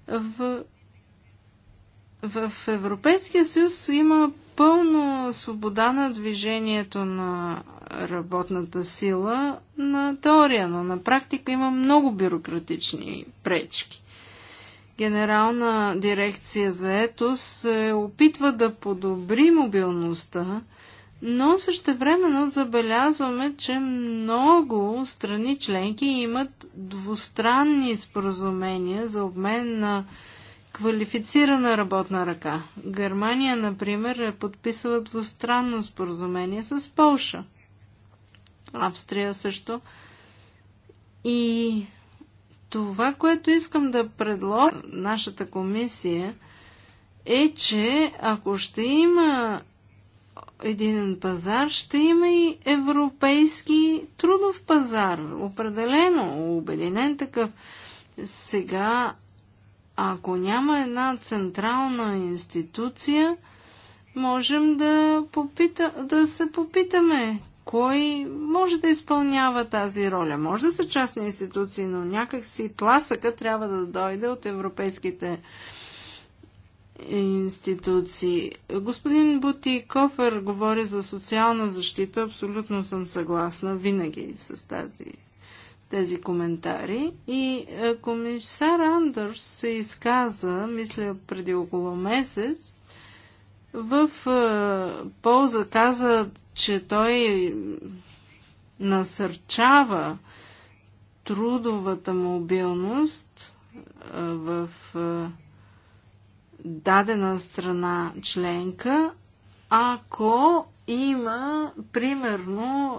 В, в Европейския съюз има пълна свобода на движението на работната сила на теория, но на практика има много бюрократични пречки. Генерална дирекция за етос се опитва да подобри мобилността, но същевременно забелязваме, че много страни членки имат двустранни споразумения за обмен на квалифицирана работна ръка. Германия, например, е подписала двустранно споразумение с Полша. Австрия също. И това, което искам да предложа нашата комисия, е, че ако ще има един пазар, ще има и европейски трудов пазар. Определено, обединен такъв. Сега ако няма една централна институция, можем да, попита, да се попитаме кой може да изпълнява тази роля. Може да са частни институции, но някак си тласъка трябва да дойде от европейските институции. Господин Бути Кофер говори за социална защита. Абсолютно съм съгласна винаги с тази тези коментари. И е, комисар Андърс се изказа, мисля, преди около месец, в е, полза каза, че той насърчава трудовата мобилност е, в дадена страна членка, ако има, примерно,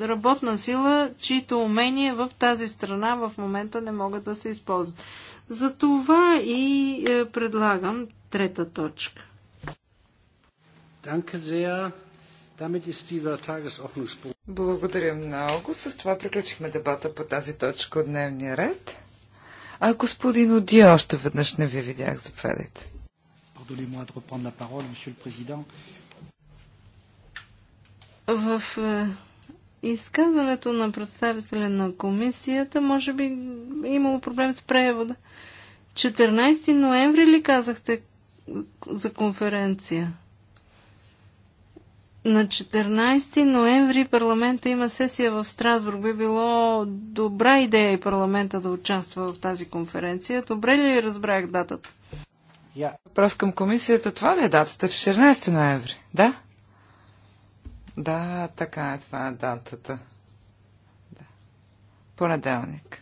работна сила, чието умения в тази страна в момента не могат да се използват. За това и е, предлагам трета точка. Благодаря много. С това приключихме дебата по тази точка от дневния ред. А господин Оди, още веднъж не ви видях, заповядайте. Pardonnez-moi de reprendre la parole, Monsieur le Président. В е, изказването на представителя на комисията, може би имало проблем с превода. 14 ноември ли казахте за конференция? На 14 ноември парламента има сесия в Страсбург. Би било добра идея и парламента да участва в тази конференция. Добре ли разбрах датата? Yeah. Въпрос към комисията. Това ли е датата? 14 ноември? Да? Да, така е, това е датата. Да. Понеделник.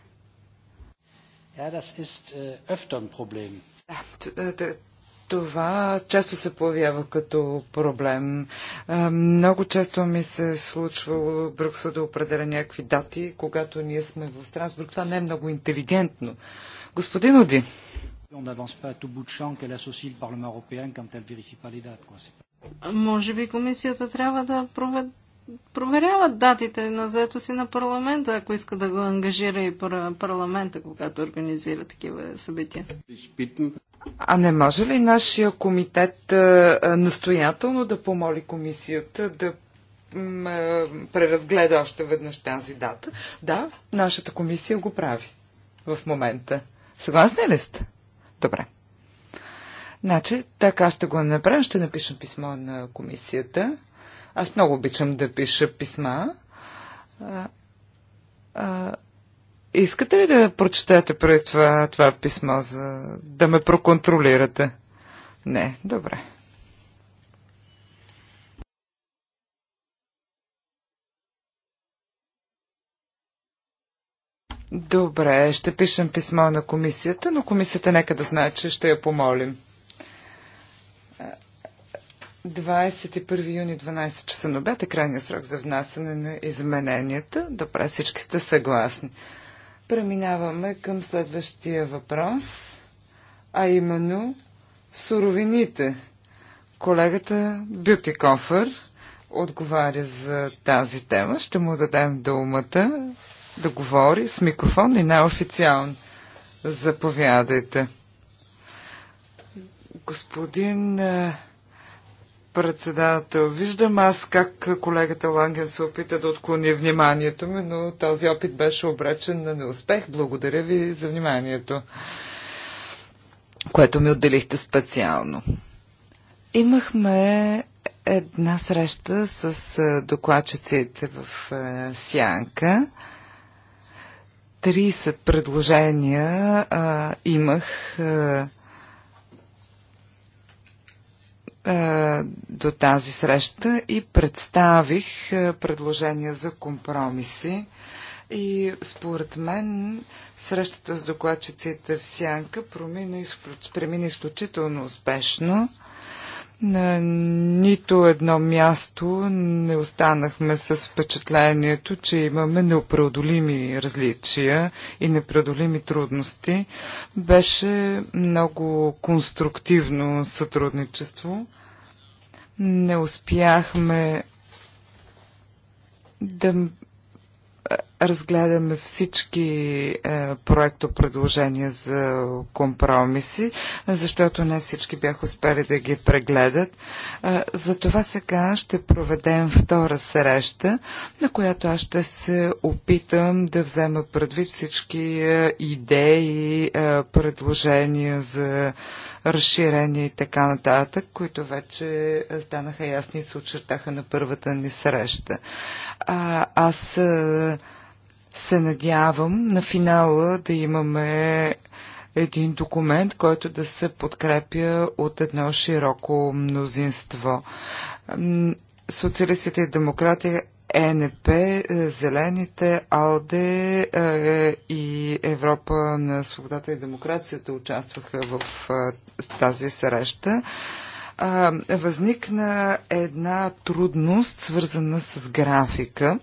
Ja, das ist äh, Problem. Да, э, това често се появява като проблем. Э, много често ми се е случвало Брюксел да определя някакви дати, когато ние сме в Страсбург. Това не е много интелигентно. Господин Оди. On n'avance pas à tout bout de champ qu'elle associe le Parlement européen quand elle vérifie pas les dates. Quoi. C'est може би комисията трябва да проверяват датите на заето си на парламента, ако иска да го ангажира и парламента, когато организира такива събития. А не може ли нашия комитет настоятелно да помоли комисията да преразгледа още веднъж тази дата? Да, нашата комисия го прави в момента. Съгласни ли сте? Добре. Значи, така ще го направим. Ще напишем писмо на комисията. Аз много обичам да пиша писма. А, а, искате ли да прочетете преди това, това писмо, за да ме проконтролирате? Не, добре. Добре, ще пишем писмо на комисията, но комисията нека да знае, че ще я помолим. 21 юни 12 часа на обед е крайният срок за внасяне на измененията. Добре, всички сте съгласни. Преминаваме към следващия въпрос, а именно суровините. Колегата Бютикофър отговаря за тази тема. Ще му дадем думата да говори с микрофон и най-официално. Заповядайте. Господин председател. Виждам аз как колегата Ланген се опита да отклони вниманието ми, но този опит беше обречен на неуспех. Благодаря ви за вниманието, което ми отделихте специално. Имахме една среща с докладчиците в Сянка. 30 предложения а, имах а, е, до тази среща и представих е, предложения за компромиси. И според мен срещата с докладчиците в Сянка премина изключително успешно. На нито едно място не останахме с впечатлението, че имаме неопреодолими различия и непреодолими трудности. Беше много конструктивно сътрудничество. Не успяхме да разгледаме всички е, проектопредложения за компромиси, защото не всички бях успели да ги прегледат. Е, Затова сега ще проведем втора среща, на която аз ще се опитам да взема предвид всички е, идеи, е, предложения за разширение и така нататък, които вече станаха ясни и се очертаха на първата ни среща. А, аз е, се надявам на финала да имаме един документ, който да се подкрепя от едно широко мнозинство. Социалистите и демократи ЕНП, Зелените, АЛДЕ е, и Европа на свободата и демокрацията участваха в е, тази среща. Е, възникна една трудност, свързана с графика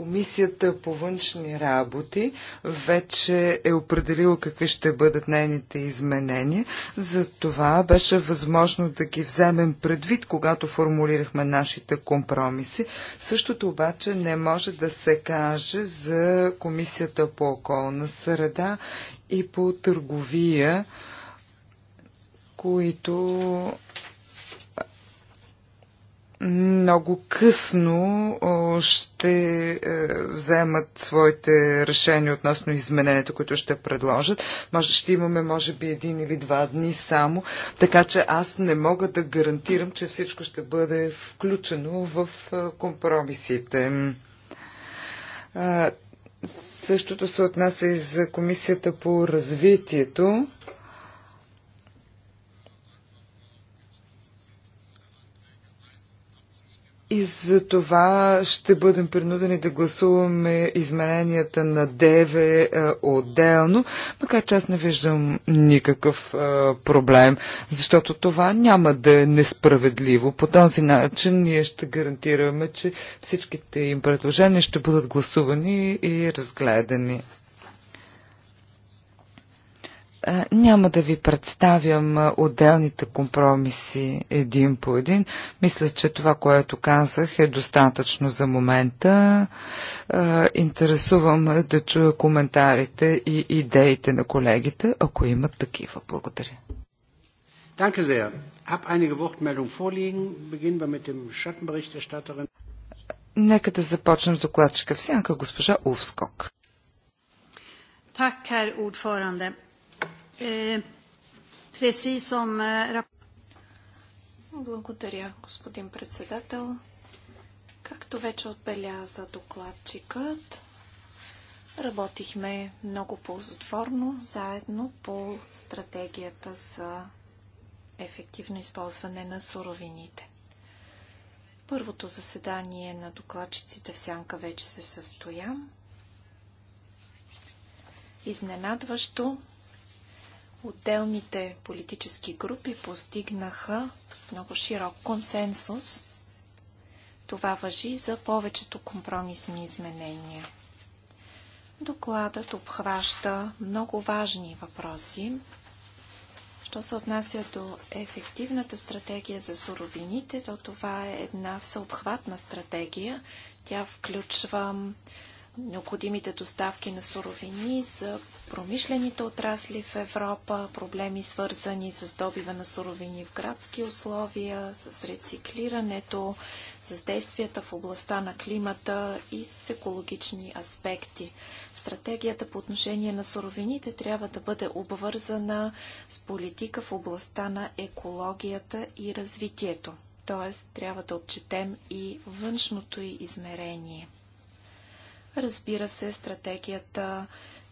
Комисията по външни работи вече е определила какви ще бъдат нейните изменения. За това беше възможно да ги вземем предвид, когато формулирахме нашите компромиси. Същото обаче не може да се каже за Комисията по околна среда и по търговия, които много късно ще е, вземат своите решения относно измененията, които ще предложат. Може, ще имаме, може би, един или два дни само, така че аз не мога да гарантирам, че всичко ще бъде включено в е, компромисите. Същото се отнася и за Комисията по развитието. И за това ще бъдем принудени да гласуваме измененията на ДВ е, отделно, макар че аз не виждам никакъв е, проблем, защото това няма да е несправедливо. По този начин ние ще гарантираме, че всичките им предложения ще бъдат гласувани и разгледани. Е, няма да ви представям е, отделните компромиси един по един. Мисля, че това, което казах, е достатъчно за момента. Е, интересувам да чуя коментарите и идеите на колегите, ако имат такива. Благодаря. Danke sehr. Hab einige Wortmeldungen vorliegen. Beginnen wir mit dem Schattenberichterstatterin. Нека да започнем с докладчика в сянка госпожа Увскок. Tack, herr ordförande som е, е, Благодаря, господин председател. Както вече отбеляза докладчикът, работихме много ползотворно заедно по стратегията за ефективно използване на суровините. Първото заседание на докладчиците в Сянка вече се състоя. Изненадващо Отделните политически групи постигнаха много широк консенсус. Това въжи за повечето компромисни изменения. Докладът обхваща много важни въпроси. Що се отнася до ефективната стратегия за суровините, то това е една всеобхватна стратегия. Тя включва необходимите доставки на суровини за промишлените отрасли в Европа, проблеми свързани с добива на суровини в градски условия, с рециклирането, с действията в областта на климата и с екологични аспекти. Стратегията по отношение на суровините трябва да бъде обвързана с политика в областта на екологията и развитието. Т.е. трябва да отчетем и външното измерение – Разбира се, стратегията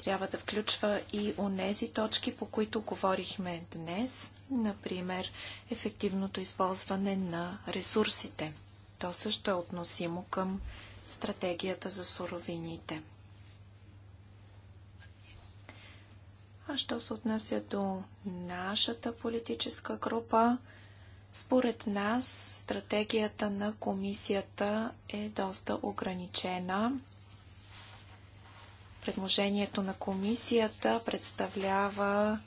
трябва да включва и онези точки, по които говорихме днес, например ефективното използване на ресурсите. То също е относимо към стратегията за суровините. А що се отнася до нашата политическа група, според нас стратегията на комисията е доста ограничена. Предложението на комисията представлява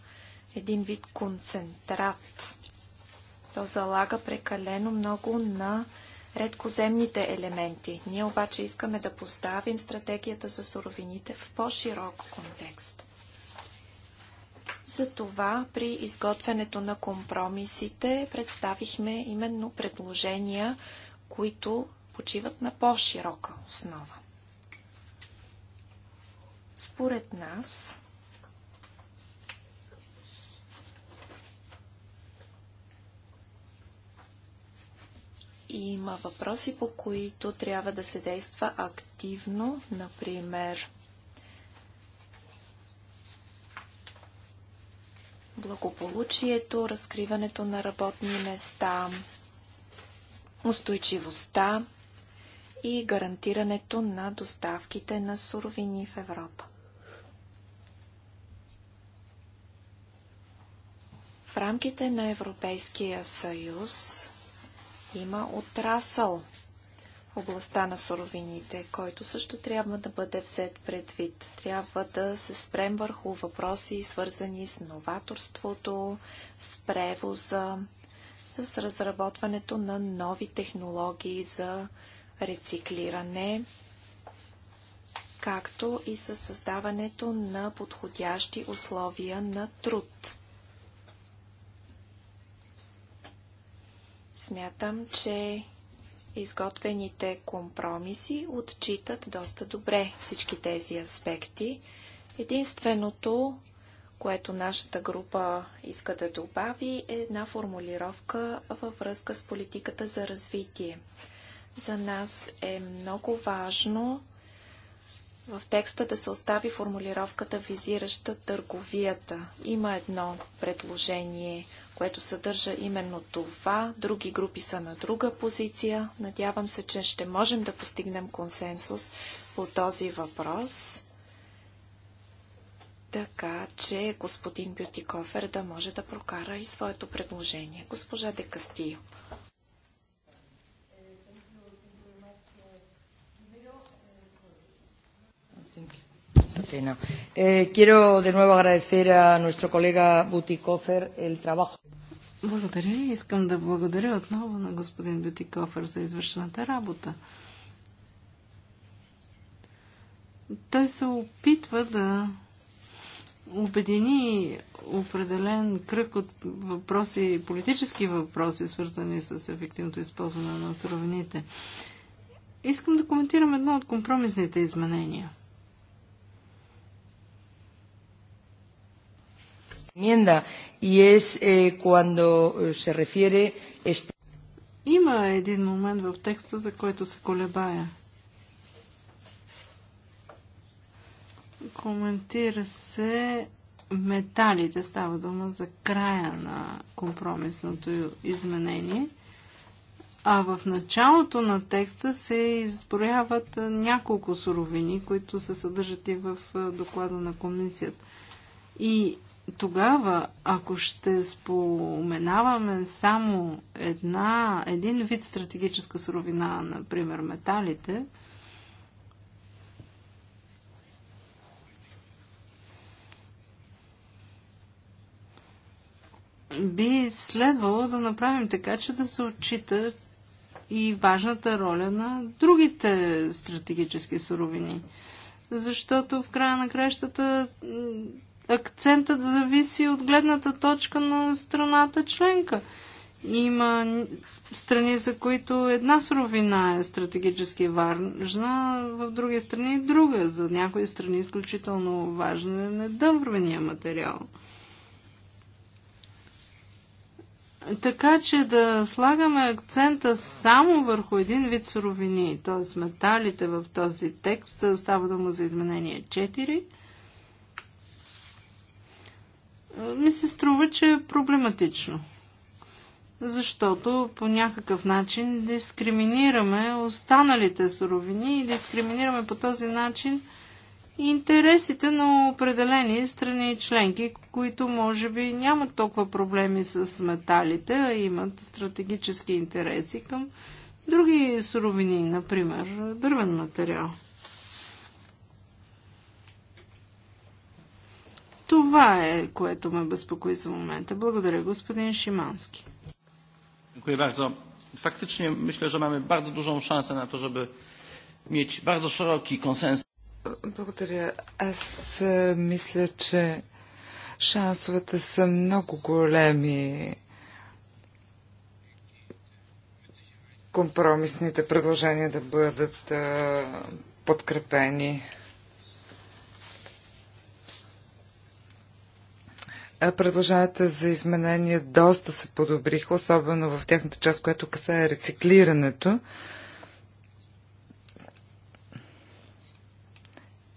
един вид концентрат. То залага прекалено много на редкоземните елементи. Ние обаче искаме да поставим стратегията за суровините в по-широк контекст. Затова при изготвянето на компромисите представихме именно предложения, които почиват на по-широка основа. Според нас, има въпроси, по които трябва да се действа активно, например благополучието, разкриването на работни места, устойчивостта и гарантирането на доставките на суровини в Европа. В рамките на Европейския съюз има отрасъл в областта на суровините, който също трябва да бъде взет предвид. Трябва да се спрем върху въпроси, свързани с новаторството, с превоза, с разработването на нови технологии за рециклиране, както и със създаването на подходящи условия на труд. Смятам, че изготвените компромиси отчитат доста добре всички тези аспекти. Единственото, което нашата група иска да добави, е една формулировка във връзка с политиката за развитие. За нас е много важно в текста да се остави формулировката визираща търговията. Има едно предложение – което съдържа именно това. Други групи са на друга позиция. Надявам се, че ще можем да постигнем консенсус по този въпрос, така че господин Бютикофер да може да прокара и своето предложение. Госпожа Декастио. esta pena. Eh, quiero de nuevo agradecer a nuestro colega Butikofer el trabajo. Благодаря. Искам да благодаря отново на господин Бютикофер за извършената работа. Той се опитва да обедини определен кръг от въпроси, политически въпроси, свързани с ефективното използване на суровините. Искам да коментирам едно от компромисните изменения – enmienda y es eh, cuando eh, se refiere Има един момент в текста, за който се колебая. Коментира се металите, става дума за края на компромисното изменение. А в началото на текста се изброяват няколко суровини, които се съдържат и в доклада на комисията. И тогава, ако ще споменаваме само една, един вид стратегическа суровина, например металите, би следвало да направим така, че да се отчита и важната роля на другите стратегически суровини. Защото в края на кращата акцентът зависи от гледната точка на страната членка. Има страни, за които една суровина е стратегически важна, в други страни друга. За някои страни е изключително важен е недъмбровения материал. Така че да слагаме акцента само върху един вид суровини, т.е. металите в този текст, става дума за изменение 4, ми се струва, че е проблематично. Защото по някакъв начин дискриминираме останалите суровини и дискриминираме по този начин интересите на определени страни и членки, които може би нямат толкова проблеми с металите, а имат стратегически интереси към други суровини, например дървен материал. Това е, което ме безпокои за момента. Благодаря, господин Шимански. Dziękuję bardzo. Faktycznie myślę, że mamy bardzo dużą szansę na to, żeby mieć bardzo szeroki konsensus. Благодаря. Аз е, мисля, че шансовете са много големи. Компромисните предложения да бъдат е, подкрепени. Предложенията за изменения доста се подобриха, особено в тяхната част, която касае рециклирането.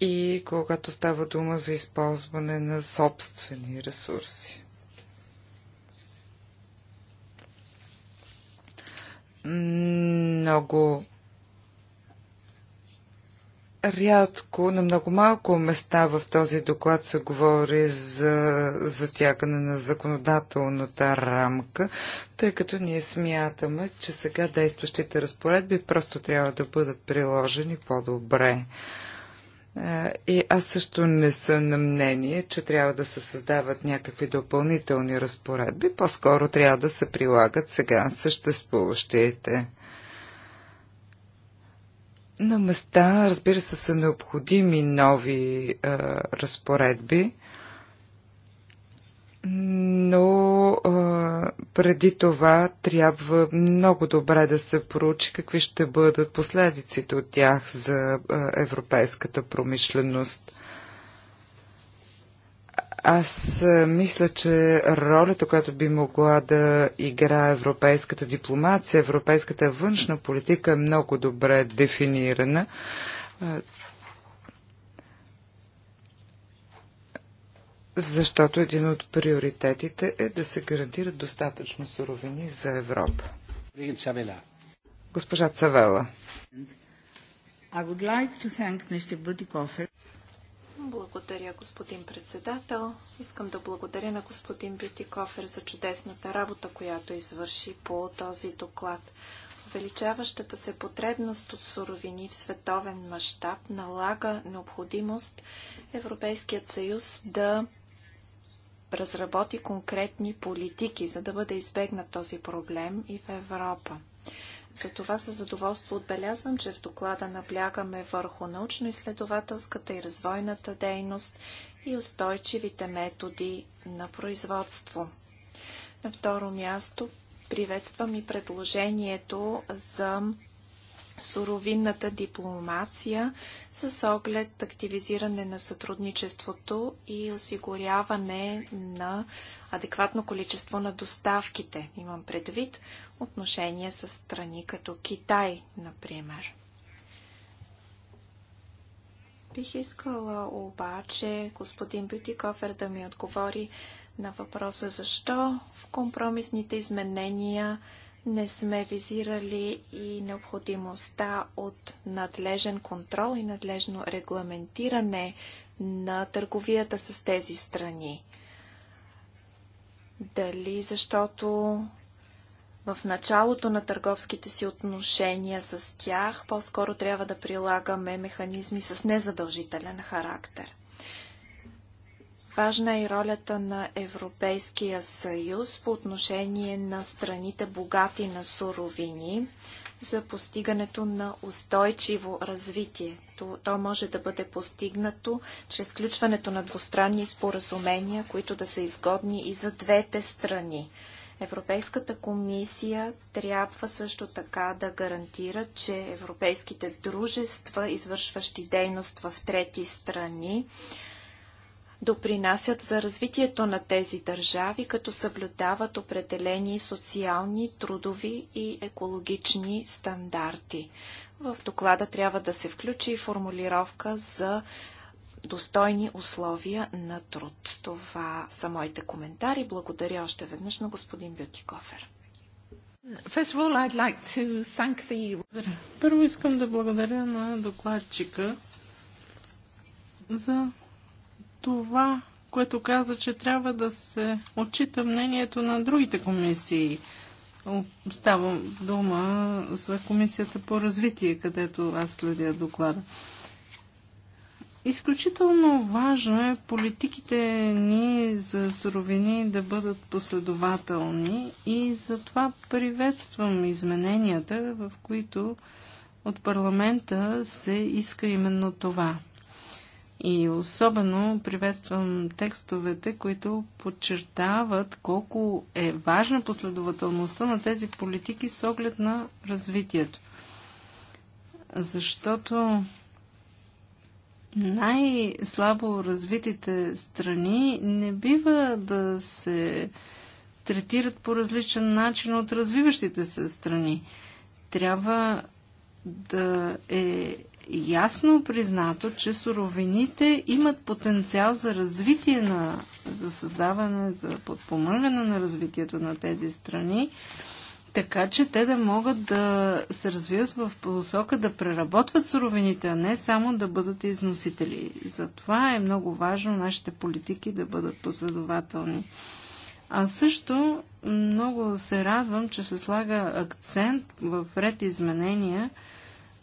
И когато става дума за използване на собствени ресурси. Много рядко, на много малко места в този доклад се говори за затягане на законодателната рамка, тъй като ние смятаме, че сега действащите разпоредби просто трябва да бъдат приложени по-добре. Е, и аз също не съм на мнение, че трябва да се създават някакви допълнителни разпоредби, по-скоро трябва да се прилагат сега съществуващите. На места, разбира се, са необходими нови а, разпоредби, но а, преди това трябва много добре да се проучи какви ще бъдат последиците от тях за а, европейската промишленост. Аз е, мисля, че ролята, която би могла да играе европейската дипломация, европейската външна политика е много добре дефинирана. Е, защото един от приоритетите е да се гарантират достатъчно суровини за Европа. Госпожа Цавела. I would like to thank Mr. Благодаря, господин председател. Искам да благодаря на господин Бютикофер за чудесната работа, която извърши по този доклад. Увеличаващата се потребност от суровини в световен мащаб налага необходимост Европейският съюз да разработи конкретни политики, за да бъде избегнат този проблем и в Европа. Затова със задоволство отбелязвам, че в доклада наблягаме върху научно-изследователската и развойната дейност и устойчивите методи на производство. На второ място приветствам и предложението за суровинната дипломация с оглед активизиране на сътрудничеството и осигуряване на адекватно количество на доставките. Имам предвид отношения с страни като Китай, например. Бих искала обаче господин Бютикофер да ми отговори на въпроса защо в компромисните изменения не сме визирали и необходимостта от надлежен контрол и надлежно регламентиране на търговията с тези страни. Дали защото в началото на търговските си отношения с тях по-скоро трябва да прилагаме механизми с незадължителен характер. Важна е и ролята на Европейския съюз по отношение на страните богати на суровини за постигането на устойчиво развитие. То, то може да бъде постигнато чрез включването на двустранни споразумения, които да са изгодни и за двете страни. Европейската комисия трябва също така да гарантира, че европейските дружества, извършващи дейност в трети страни, допринасят за развитието на тези държави, като съблюдават определени социални, трудови и екологични стандарти. В доклада трябва да се включи и формулировка за достойни условия на труд. Това са моите коментари. Благодаря още веднъж на господин Бютикофер. Първо искам да благодаря на докладчика за това, което каза, че трябва да се отчита мнението на другите комисии. Става дума за комисията по развитие, където аз следя доклада. Изключително важно е политиките ни за суровини да бъдат последователни и затова приветствам измененията, в които от парламента се иска именно това – и особено приветствам текстовете, които подчертават колко е важна последователността на тези политики с оглед на развитието. Защото най-слабо развитите страни не бива да се третират по различен начин от развиващите се страни. Трябва да е ясно признато, че суровините имат потенциал за развитие на, за създаване, за подпомагане на развитието на тези страни, така че те да могат да се развиват в посока да преработват суровините, а не само да бъдат износители. Затова е много важно нашите политики да бъдат последователни. А също много се радвам, че се слага акцент в ред изменения –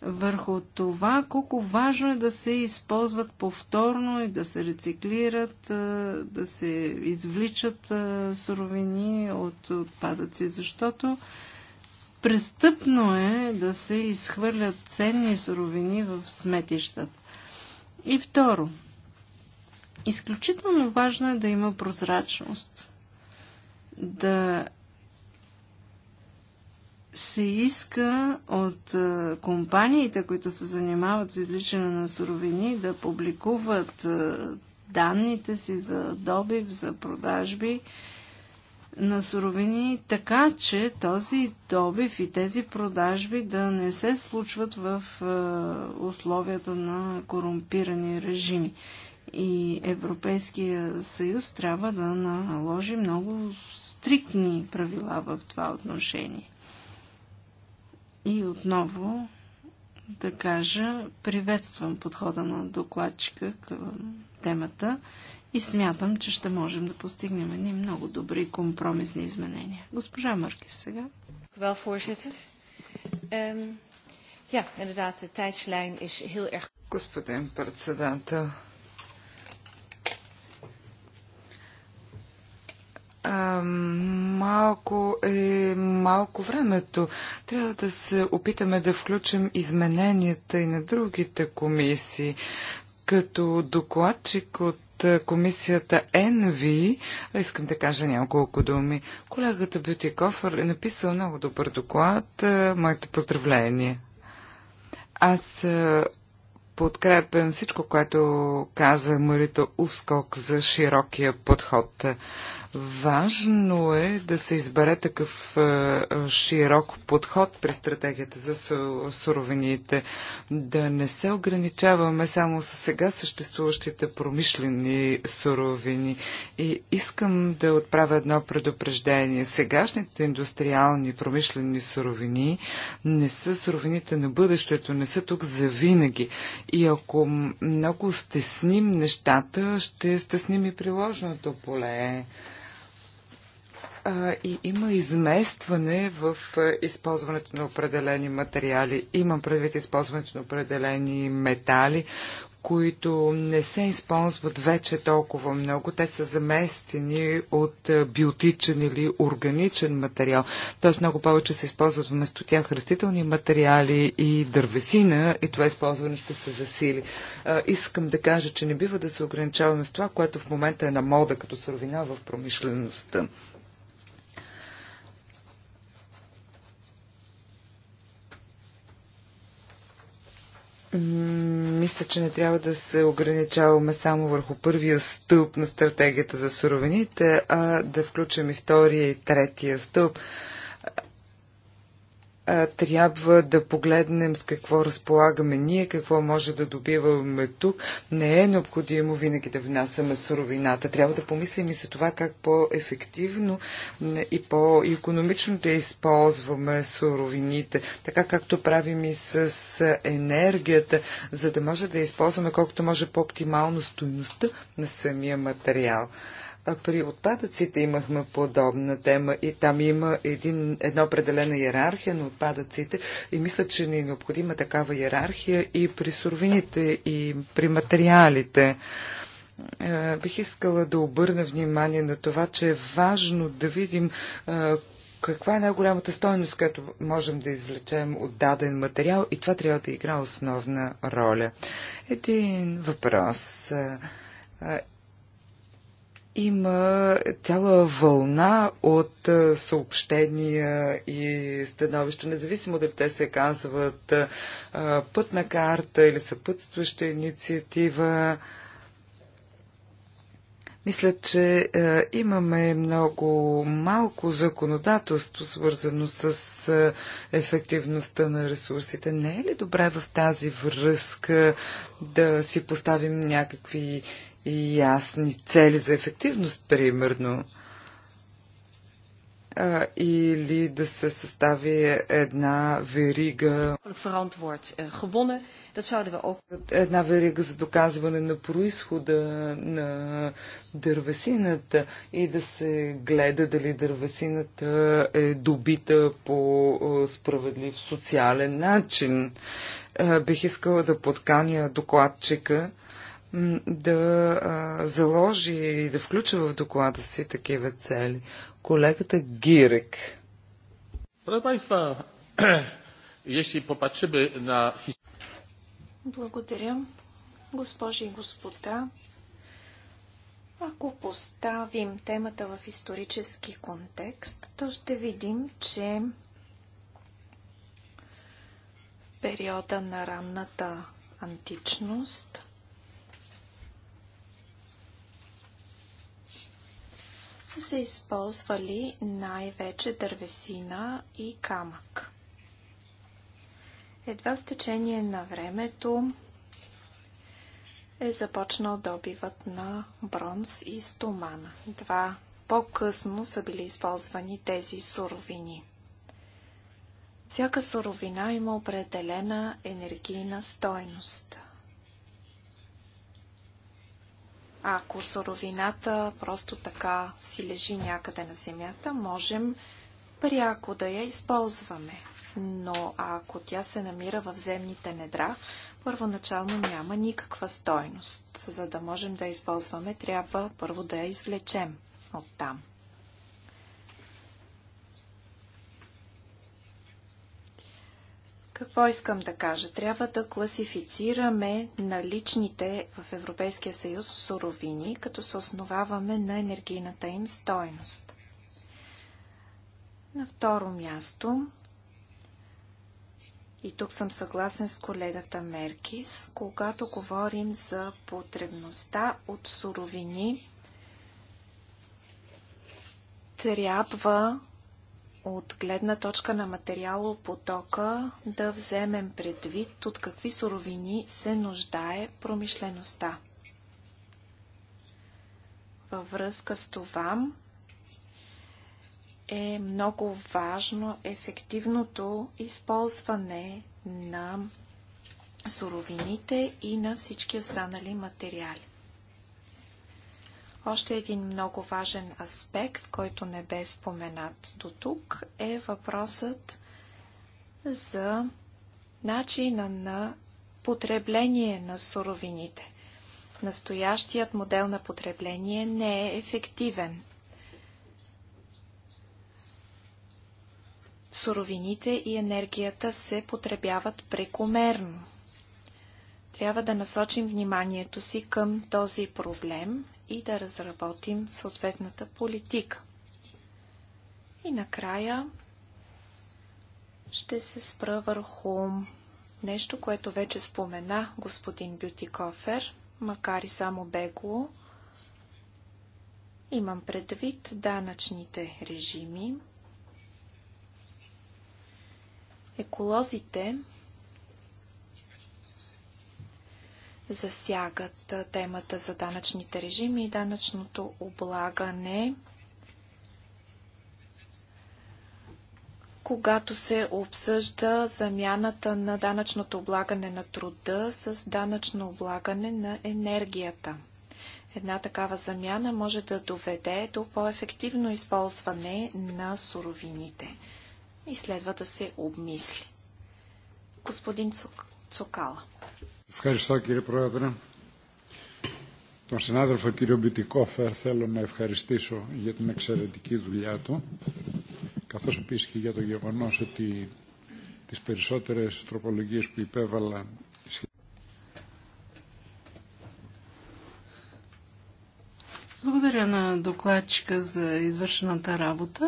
върху това колко важно е да се използват повторно и да се рециклират, да се извличат суровини от отпадъци, защото престъпно е да се изхвърлят ценни суровини в сметищата. И второ, изключително важно е да има прозрачност. Да се иска от е, компаниите, които се занимават с изличане на суровини, да публикуват е, данните си за добив, за продажби на суровини, така че този добив и тези продажби да не се случват в е, условията на корумпирани режими. И Европейския съюз трябва да наложи много стриктни правила в това отношение. И отново да кажа, приветствам подхода на докладчика към темата и смятам, че ще можем да постигнем едни много добри компромисни изменения. Госпожа Мъркис сега. Wel, voorzitter. Um, ja, inderdaad, de tijdslijn is heel erg... Господин председател, а, малко е малко времето. Трябва да се опитаме да включим измененията и на другите комисии. Като докладчик от комисията ЕНВИ, искам да кажа няколко думи. Колегата Бютиков е написал много добър доклад. Моите поздравления. Аз подкрепям всичко, което каза Марита Ускок за широкия подход. Важно е да се избере такъв е, е, широк подход при стратегията за суровините, да не се ограничаваме само с сега съществуващите промишлени суровини. И искам да отправя едно предупреждение. Сегашните индустриални промишлени суровини не са суровините на бъдещето, не са тук за винаги. И ако много стесним нещата, ще стесним и приложното поле а, и има изместване в използването на определени материали. Имам предвид използването на определени метали, които не се използват вече толкова много. Те са заместени от биотичен или органичен материал. Тоест много повече се използват вместо тях растителни материали и дървесина и това използване ще се засили. Искам да кажа, че не бива да се ограничаваме с това, което в момента е на мода като суровина в промишлеността. Мисля, че не трябва да се ограничаваме само върху първия стълб на стратегията за суровините, а да включим и втория и третия стълб трябва да погледнем с какво разполагаме ние, какво може да добиваме тук. Не е необходимо винаги да внасяме суровината. Трябва да помислим и за това как по-ефективно и по-економично да използваме суровините, така както правим и с енергията, за да може да използваме колкото може по-оптимално стоеността на самия материал. При отпадъците имахме подобна тема и там има един, една определена иерархия на отпадъците и мисля, че ни е необходима такава иерархия и при суровините и при материалите. Е, бих искала да обърна внимание на това, че е важно да видим е, каква е най-голямата стойност, която можем да извлечем от даден материал и това трябва да игра основна роля. Един въпрос. Е, има цяла вълна от е, съобщения и становища, независимо дали те се казват е, пътна карта или съпътстваща инициатива. Мисля, че е, имаме много малко законодателство, свързано с е, ефективността на ресурсите. Не е ли добре в тази връзка да си поставим някакви ясни цели за ефективност, примерно а, или да се състави една верига. Eh, една верига за доказване на происхода на дървесината и да се гледа дали дървесината е добита по eh, справедлив социален начин. Бих искала да подканя докладчика да а, заложи и да включи в доклада си такива цели. Колегата Гирек. Благодаря, госпожи и господа. Ако поставим темата в исторически контекст, то ще видим, че периода на ранната античност – са се използвали най-вече дървесина и камък. Едва с течение на времето е започнал добивът на бронз и стомана. Два по-късно са били използвани тези суровини. Всяка суровина има определена енергийна стойност – Ако суровината просто така си лежи някъде на земята, можем пряко да я използваме. Но ако тя се намира в земните недра, първоначално няма никаква стойност. За да можем да я използваме, трябва първо да я извлечем от там. Какво искам да кажа? Трябва да класифицираме наличните в Европейския съюз суровини, като се основаваме на енергийната им стойност. На второ място, и тук съм съгласен с колегата Меркис, когато говорим за потребността от суровини, трябва от гледна точка на материалопотока да вземем предвид от какви суровини се нуждае промишлеността. Във връзка с това е много важно ефективното използване на суровините и на всички останали материали. Още един много важен аспект, който не бе споменат до тук, е въпросът за начина на потребление на суровините. Настоящият модел на потребление не е ефективен. Суровините и енергията се потребяват прекомерно трябва да насочим вниманието си към този проблем и да разработим съответната политика. И накрая ще се спра върху нещо, което вече спомена господин Бютикофер, макар и само бегло. Имам предвид данъчните режими. Еколозите засягат темата за данъчните режими и данъчното облагане. когато се обсъжда замяната на данъчното облагане на труда с данъчно облагане на енергията. Една такава замяна може да доведе до по-ефективно използване на суровините и следва да се обмисли. Господин Цукала. Ευχαριστώ κύριε Πρόεδρε. Τον συνάδελφο κύριο Μπιτικόφερ θέλω να ευχαριστήσω για την εξαιρετική δουλειά του, καθώς επίσης και για το γεγονός ότι τις περισσότερες τροπολογίες που υπέβαλα Благодаря на докладчика за извършената работа.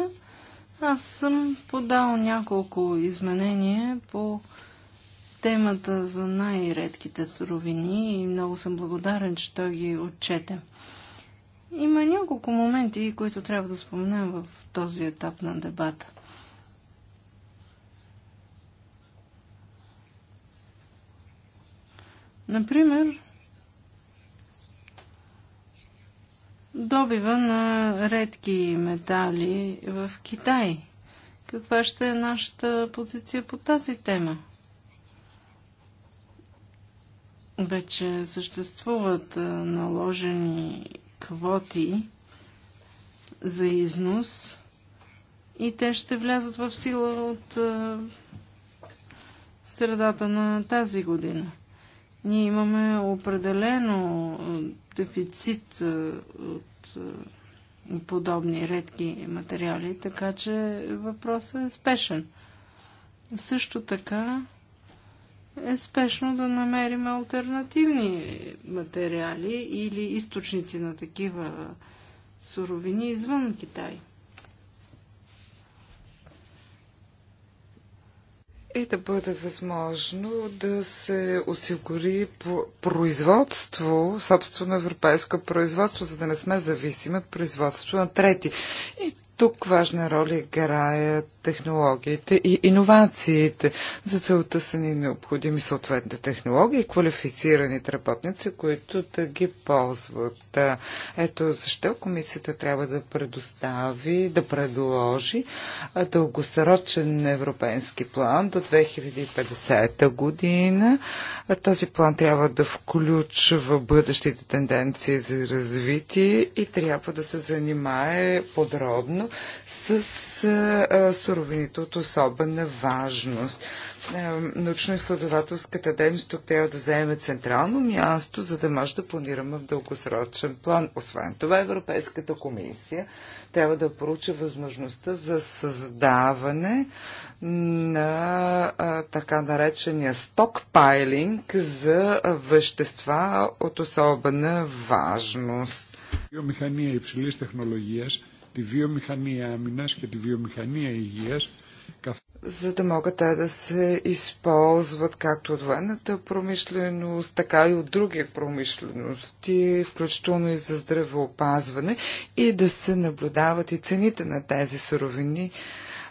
Аз съм подал няколко изменения по темата за най-редките суровини и много съм благодарен, че той ги отчете. Има няколко моменти, които трябва да споменем в този етап на дебата. Например, добива на редки метали в Китай. Каква ще е нашата позиция по тази тема? Вече съществуват наложени квоти за износ и те ще влязат в сила от средата на тази година. Ние имаме определено дефицит от подобни редки материали, така че въпросът е спешен. Също така е спешно да намерим альтернативни материали или източници на такива суровини извън Китай. И да бъде възможно да се осигури производство, собствено европейско производство, за да не сме зависими от производството на трети. И тук важна роля играят технологиите и иновациите. За целта са ни необходими съответните технологии и квалифицираните работници, които да ги ползват. Ето защо комисията трябва да предостави, да предложи дългосрочен европейски план до 2050 година. Този план трябва да включва бъдещите тенденции за развитие и трябва да се занимае подробно свързано с суровините от особена важност. Е, научно-изследователската дейност тук трябва да заеме централно място, за да може да планираме в дългосрочен план. Освен това, Европейската комисия трябва да поручи възможността за създаване на а, така наречения стокпайлинг за вещества от особена важност. и υψηλής τεχνολογίας τη βιομηχανία άμυνας και τη βιομηχανία υγείας за да могат те да се използват както от военната промишленост, така и от други промишлености, включително и за здравеопазване, и да се наблюдават и цените на тези суровини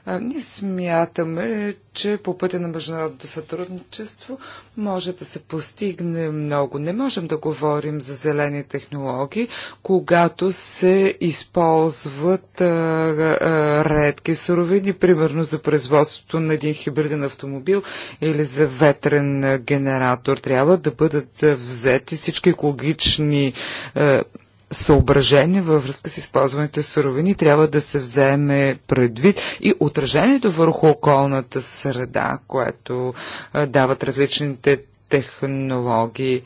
ние смятаме, че по пътя на международното сътрудничество може да се постигне много. Не можем да говорим за зелени технологии, когато се използват а, а, редки суровини, примерно за производството на един хибриден автомобил или за ветрен генератор. Трябва да бъдат взети всички екологични а, съображение във връзка с използваните суровини трябва да се вземе предвид и отражението върху околната среда, което дават различните технологии.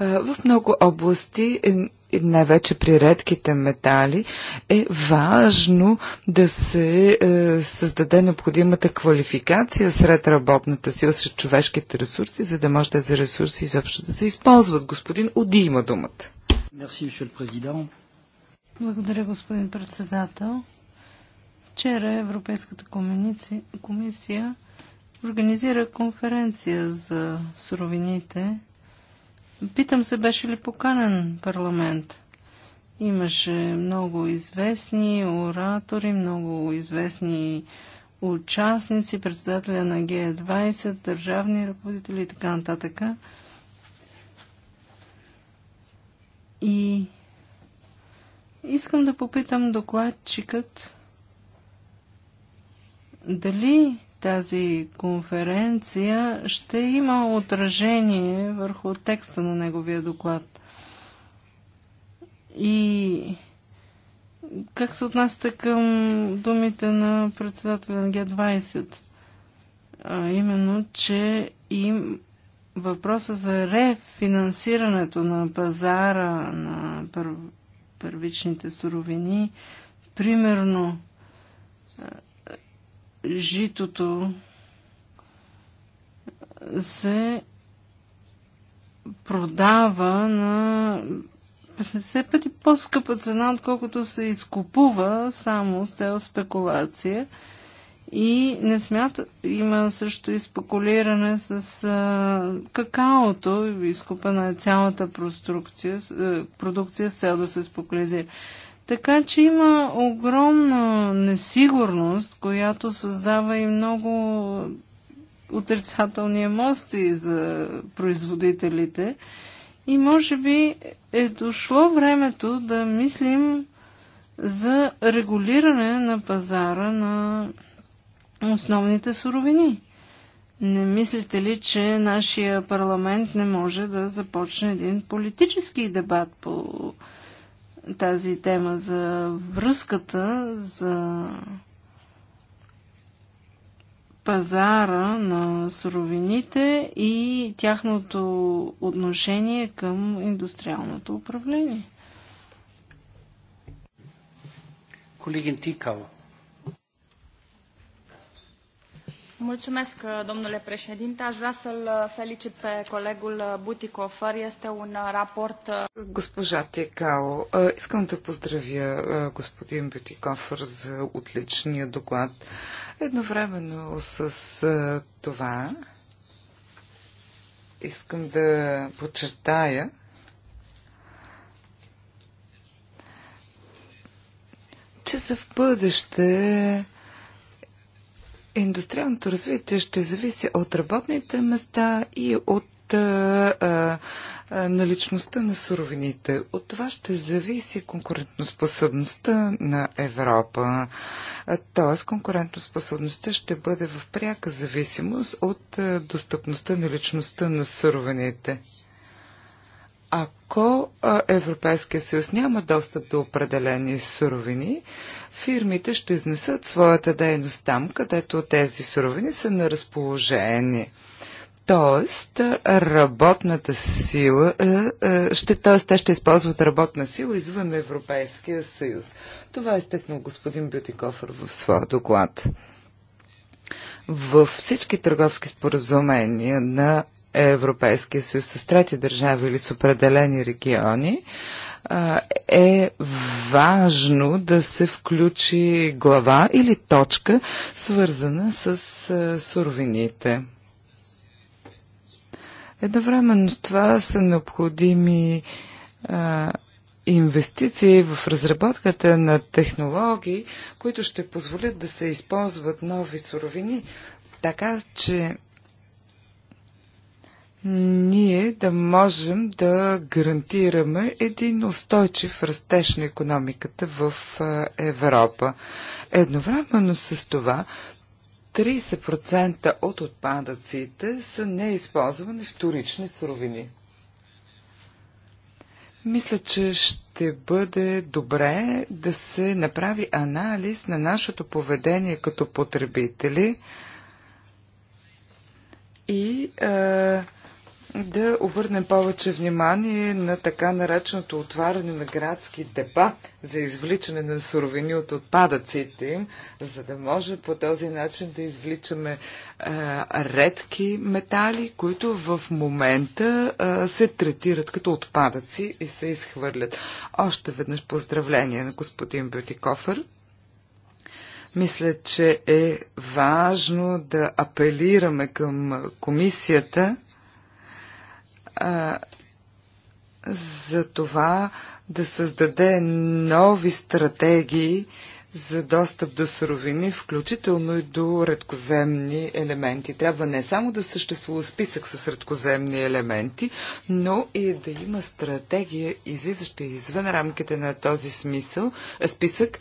В много области е, и най-вече при редките метали, е важно да се е, създаде необходимата квалификация сред работната сила, сред човешките ресурси, за да може тези ресурси изобщо да се използват. Господин Оди има думата. Благодаря, господин председател. Вчера Европейската комисия организира конференция за суровините – Питам се, беше ли поканен парламент? Имаше много известни оратори, много известни участници, председателя на Г20, държавни ръководители и така нататък. И искам да попитам докладчикът дали тази конференция ще има отражение върху текста на неговия доклад. И как се отнасяте към думите на председателя на Г-20? А именно, че им въпроса за рефинансирането на пазара на първичните суровини, примерно житото се продава на 50 пъти по-скъпа цена, отколкото се изкупува само с цел спекулация. И не смята, има също и спекулиране с а, какаото, изкупена е цялата продукция, с цел да се спекулизира. Така че има огромна несигурност, която създава и много отрицателни емости за производителите. И може би е дошло времето да мислим за регулиране на пазара на основните суровини. Не мислите ли, че нашия парламент не може да започне един политически дебат по тази тема за връзката, за пазара на суровините и тяхното отношение към индустриалното управление. Колегин Тикал. Mulțumesc, uh, domnule președinte. Aș vrea să-l uh, felicit pe colegul uh, Buticofer. Este un raport... Госпожа Текао, искам да поздравя господин Бютикофер за отличния доклад. Едновременно с това искам да подчертая, че за в бъдеще Индустриалното развитие ще зависи от работните места и от а, а, наличността на суровините. От това ще зависи конкурентоспособността на Европа. Тоест, конкурентоспособността ще бъде в пряка зависимост от достъпността на личността на суровините. Ако Европейския съюз няма достъп до определени суровини, фирмите ще изнесат своята дейност там, където тези суровини са на разположение. Тоест, работната сила, е, е, ще, тоест, те ще използват работна сила извън Европейския съюз. Това е стъкнал господин Бютикофър в своя доклад. Във всички търговски споразумения на Европейския съюз с трети държави или с определени региони, е важно да се включи глава или точка, свързана с суровините. Едновременно с това са необходими инвестиции в разработката на технологии, които ще позволят да се използват нови суровини, така че ние да можем да гарантираме един устойчив растеж на економиката в Европа. Едновременно с това 30% от отпадъците са неизползвани вторични суровини. Мисля, че ще бъде добре да се направи анализ на нашето поведение като потребители и а, да обърнем повече внимание на така нареченото отваряне на градски депа за извличане на суровини от отпадъците им, за да може по този начин да извличаме а, редки метали, които в момента а, се третират като отпадъци и се изхвърлят. Още веднъж поздравление на господин Бютикофър. Мисля, че е важно да апелираме към комисията а, за това да създаде нови стратегии за достъп до суровини, включително и до редкоземни елементи. Трябва не само да съществува списък с редкоземни елементи, но и да има стратегия, излизаща извън рамките на този смисъл, е, списък,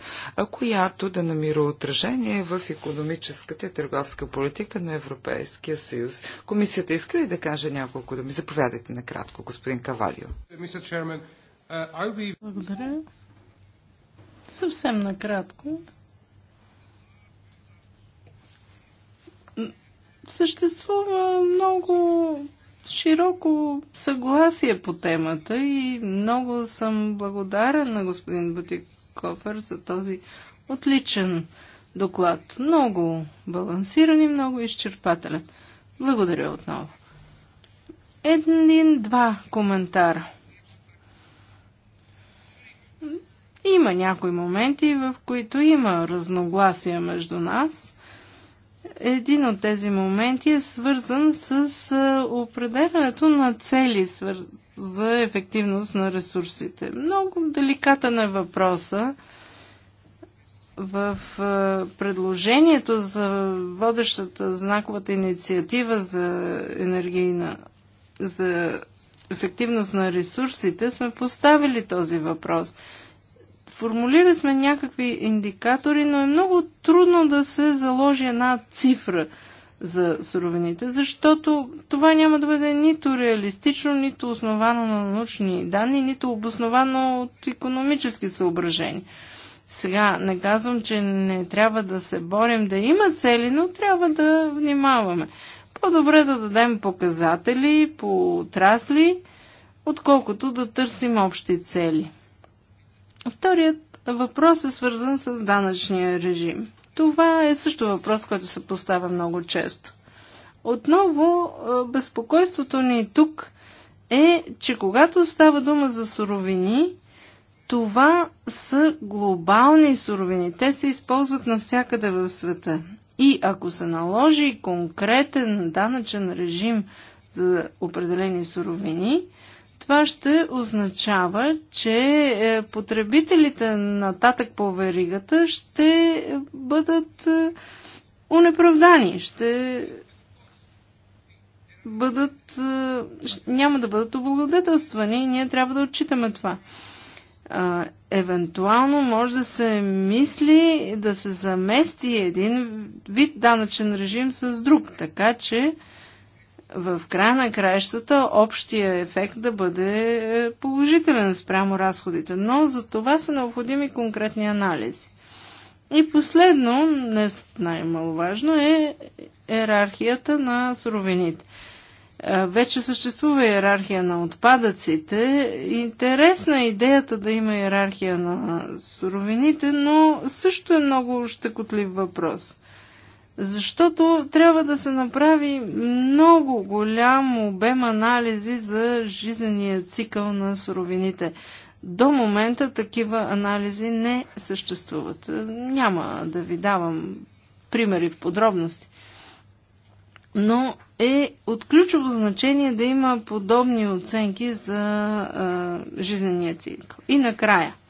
която да намира отражение в економическата и търговска политика на Европейския съюз. Комисията иска ли да каже няколко думи? Заповядайте накратко, господин Кавалио. Uh, Благодаря. Съвсем накратко. Съществува много широко съгласие по темата и много съм благодарен на господин Бутикофер за този отличен доклад. Много балансиран и много изчерпателен. Благодаря отново. Един-два коментара. Има някои моменти, в които има разногласия между нас. Един от тези моменти е свързан с определянето на цели за ефективност на ресурсите. Много деликатен е въпроса. В предложението за водещата знаковата инициатива за енергийна за ефективност на ресурсите сме поставили този въпрос – Формулира сме някакви индикатори, но е много трудно да се заложи една цифра за суровините, защото това няма да бъде нито реалистично, нито основано на научни данни, нито обосновано от економически съображения. Сега не казвам, че не трябва да се борим да има цели, но трябва да внимаваме. По-добре да дадем показатели по отрасли, отколкото да търсим общи цели. Вторият въпрос е свързан с данъчния режим. Това е също въпрос, който се поставя много често. Отново, безпокойството ни тук е, че когато става дума за суровини, това са глобални суровини. Те се използват навсякъде в света. И ако се наложи конкретен данъчен режим за определени суровини, това ще означава, че е, потребителите нататък по веригата ще бъдат е, унеправдани, ще бъдат, е, няма да бъдат облагодетелствани и ние трябва да отчитаме това. А, евентуално може да се мисли да се замести един вид данъчен режим с друг, така че в края на краищата общия ефект да бъде е, положителен спрямо разходите, но за това са необходими конкретни анализи. И последно, не най-маловажно, е иерархията на суровините. Е, вече съществува иерархия на отпадъците. Интересна е идеята да има иерархия на суровините, но също е много щекотлив въпрос – защото трябва да се направи много голям обем анализи за жизнения цикъл на суровините. До момента такива анализи не съществуват. Няма да ви давам примери в подробности. Но е от ключово значение да има подобни оценки за а, жизнения цикъл. И накрая –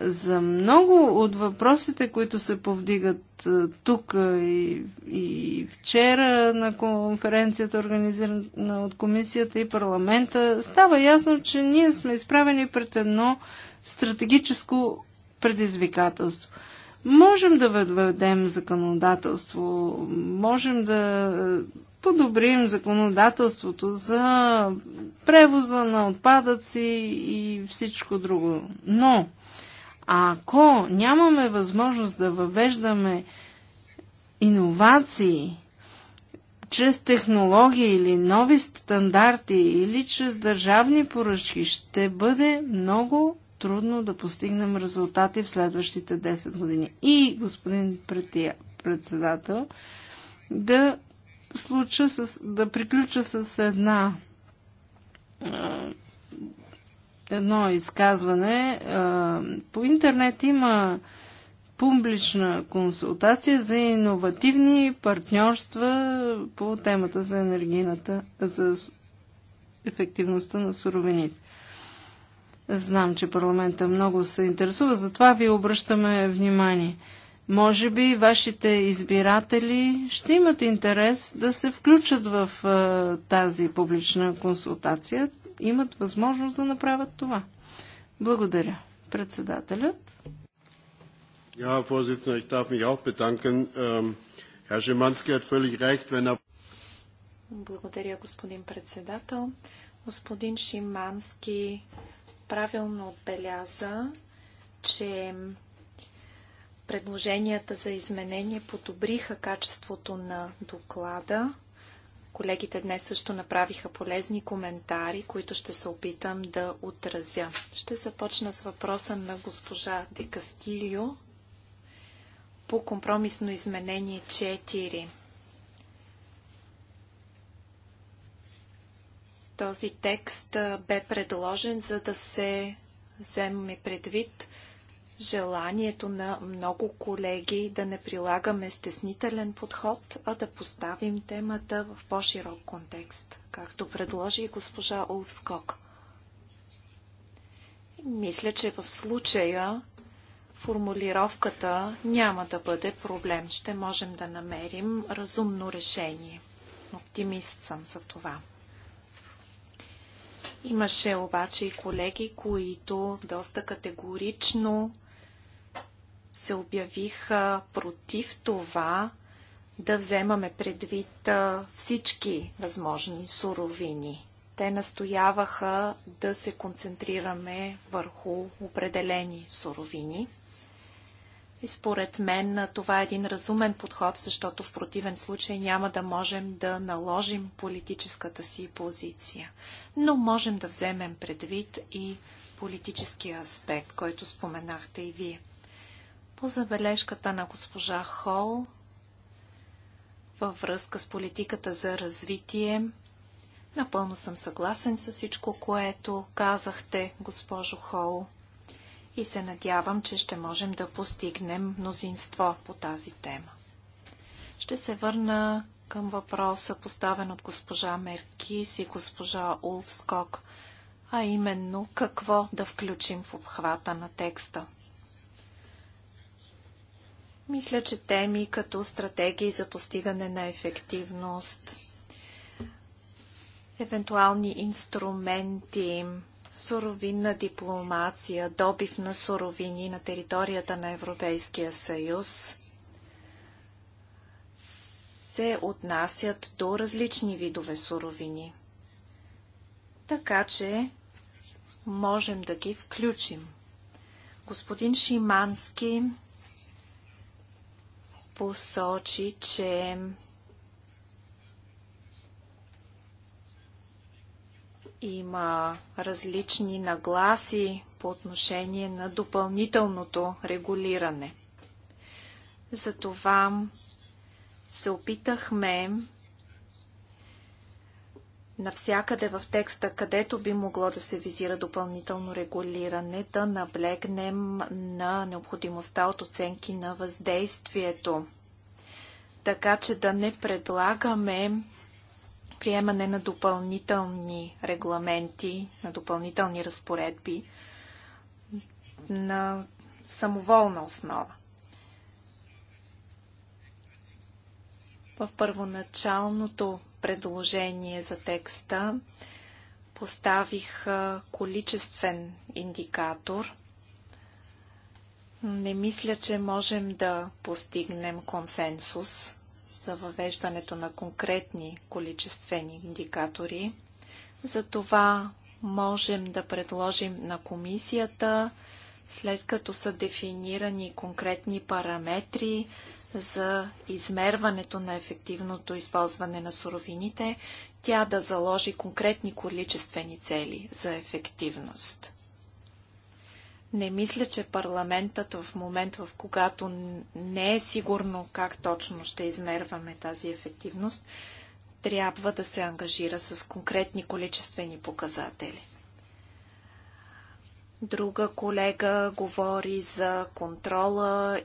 за много от въпросите, които се повдигат е, тук е, и, и вчера на конференцията, организирана от комисията и парламента, става ясно, че ние сме изправени пред едно стратегическо предизвикателство. Можем да въведем законодателство, можем да е, подобрим законодателството за превоза на отпадъци и всичко друго. Но а ако нямаме възможност да въвеждаме иновации чрез технологии или нови стандарти или чрез държавни поръчки, ще бъде много трудно да постигнем резултати в следващите 10 години. И, господин председател, да, случа с, да приключа с една едно изказване. По интернет има публична консултация за иновативни партньорства по темата за енергийната, за ефективността на суровините. Знам, че парламента много се интересува, затова ви обръщаме внимание. Може би вашите избиратели ще имат интерес да се включат в тази публична консултация имат възможност да направят това. Благодаря. Председателят. Ja, Vorsitzender, ich darf mich auch bedanken. Ähm, Herr Schimanski hat völlig recht, wenn er... Благодаря, господин председател. Господин Шимански правилно отбеляза, че предложенията за изменение подобриха качеството на доклада. Колегите днес също направиха полезни коментари, които ще се опитам да отразя. Ще започна с въпроса на госпожа Декастилио по компромисно изменение 4. Този текст бе предложен, за да се вземе предвид желанието на много колеги да не прилагаме стеснителен подход, а да поставим темата в по-широк контекст, както предложи и госпожа Олскок. Мисля, че в случая формулировката няма да бъде проблем. Ще можем да намерим разумно решение. Оптимист съм за това. Имаше обаче и колеги, които доста категорично се обявих против това да вземаме предвид всички възможни суровини. Те настояваха да се концентрираме върху определени суровини. И според мен това е един разумен подход, защото в противен случай няма да можем да наложим политическата си позиция. Но можем да вземем предвид и политическия аспект, който споменахте и вие. По забележката на госпожа Хол във връзка с политиката за развитие, напълно съм съгласен с всичко, което казахте, госпожо Хол, и се надявам, че ще можем да постигнем мнозинство по тази тема. Ще се върна към въпроса, поставен от госпожа Меркис и госпожа Улфскок, а именно какво да включим в обхвата на текста. Мисля, че теми като стратегии за постигане на ефективност, евентуални инструменти, суровинна дипломация, добив на суровини на територията на Европейския съюз се отнасят до различни видове суровини. Така че можем да ги включим. Господин Шимански посочи, че има различни нагласи по отношение на допълнителното регулиране. Затова се опитахме навсякъде в текста, където би могло да се визира допълнително регулиране, да наблегнем на необходимостта от оценки на въздействието. Така че да не предлагаме приемане на допълнителни регламенти, на допълнителни разпоредби на самоволна основа. В първоначалното предложение за текста поставих количествен индикатор. Не мисля, че можем да постигнем консенсус за въвеждането на конкретни количествени индикатори. Затова можем да предложим на комисията, след като са дефинирани конкретни параметри, за измерването на ефективното използване на суровините, тя да заложи конкретни количествени цели за ефективност. Не мисля, че парламентът в момент, в когато не е сигурно как точно ще измерваме тази ефективност, трябва да се ангажира с конкретни количествени показатели. Друга колега говори за контрола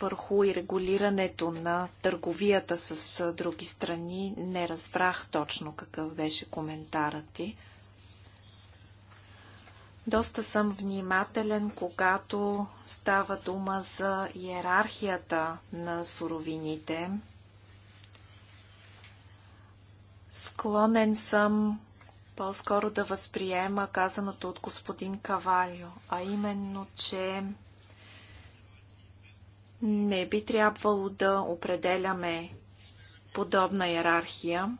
върху и регулирането на търговията с други страни. Не разбрах точно какъв беше коментарът ти. Доста съм внимателен, когато става дума за иерархията на суровините. Склонен съм по-скоро да възприема казаното от господин Кавалио, а именно, че не би трябвало да определяме подобна иерархия.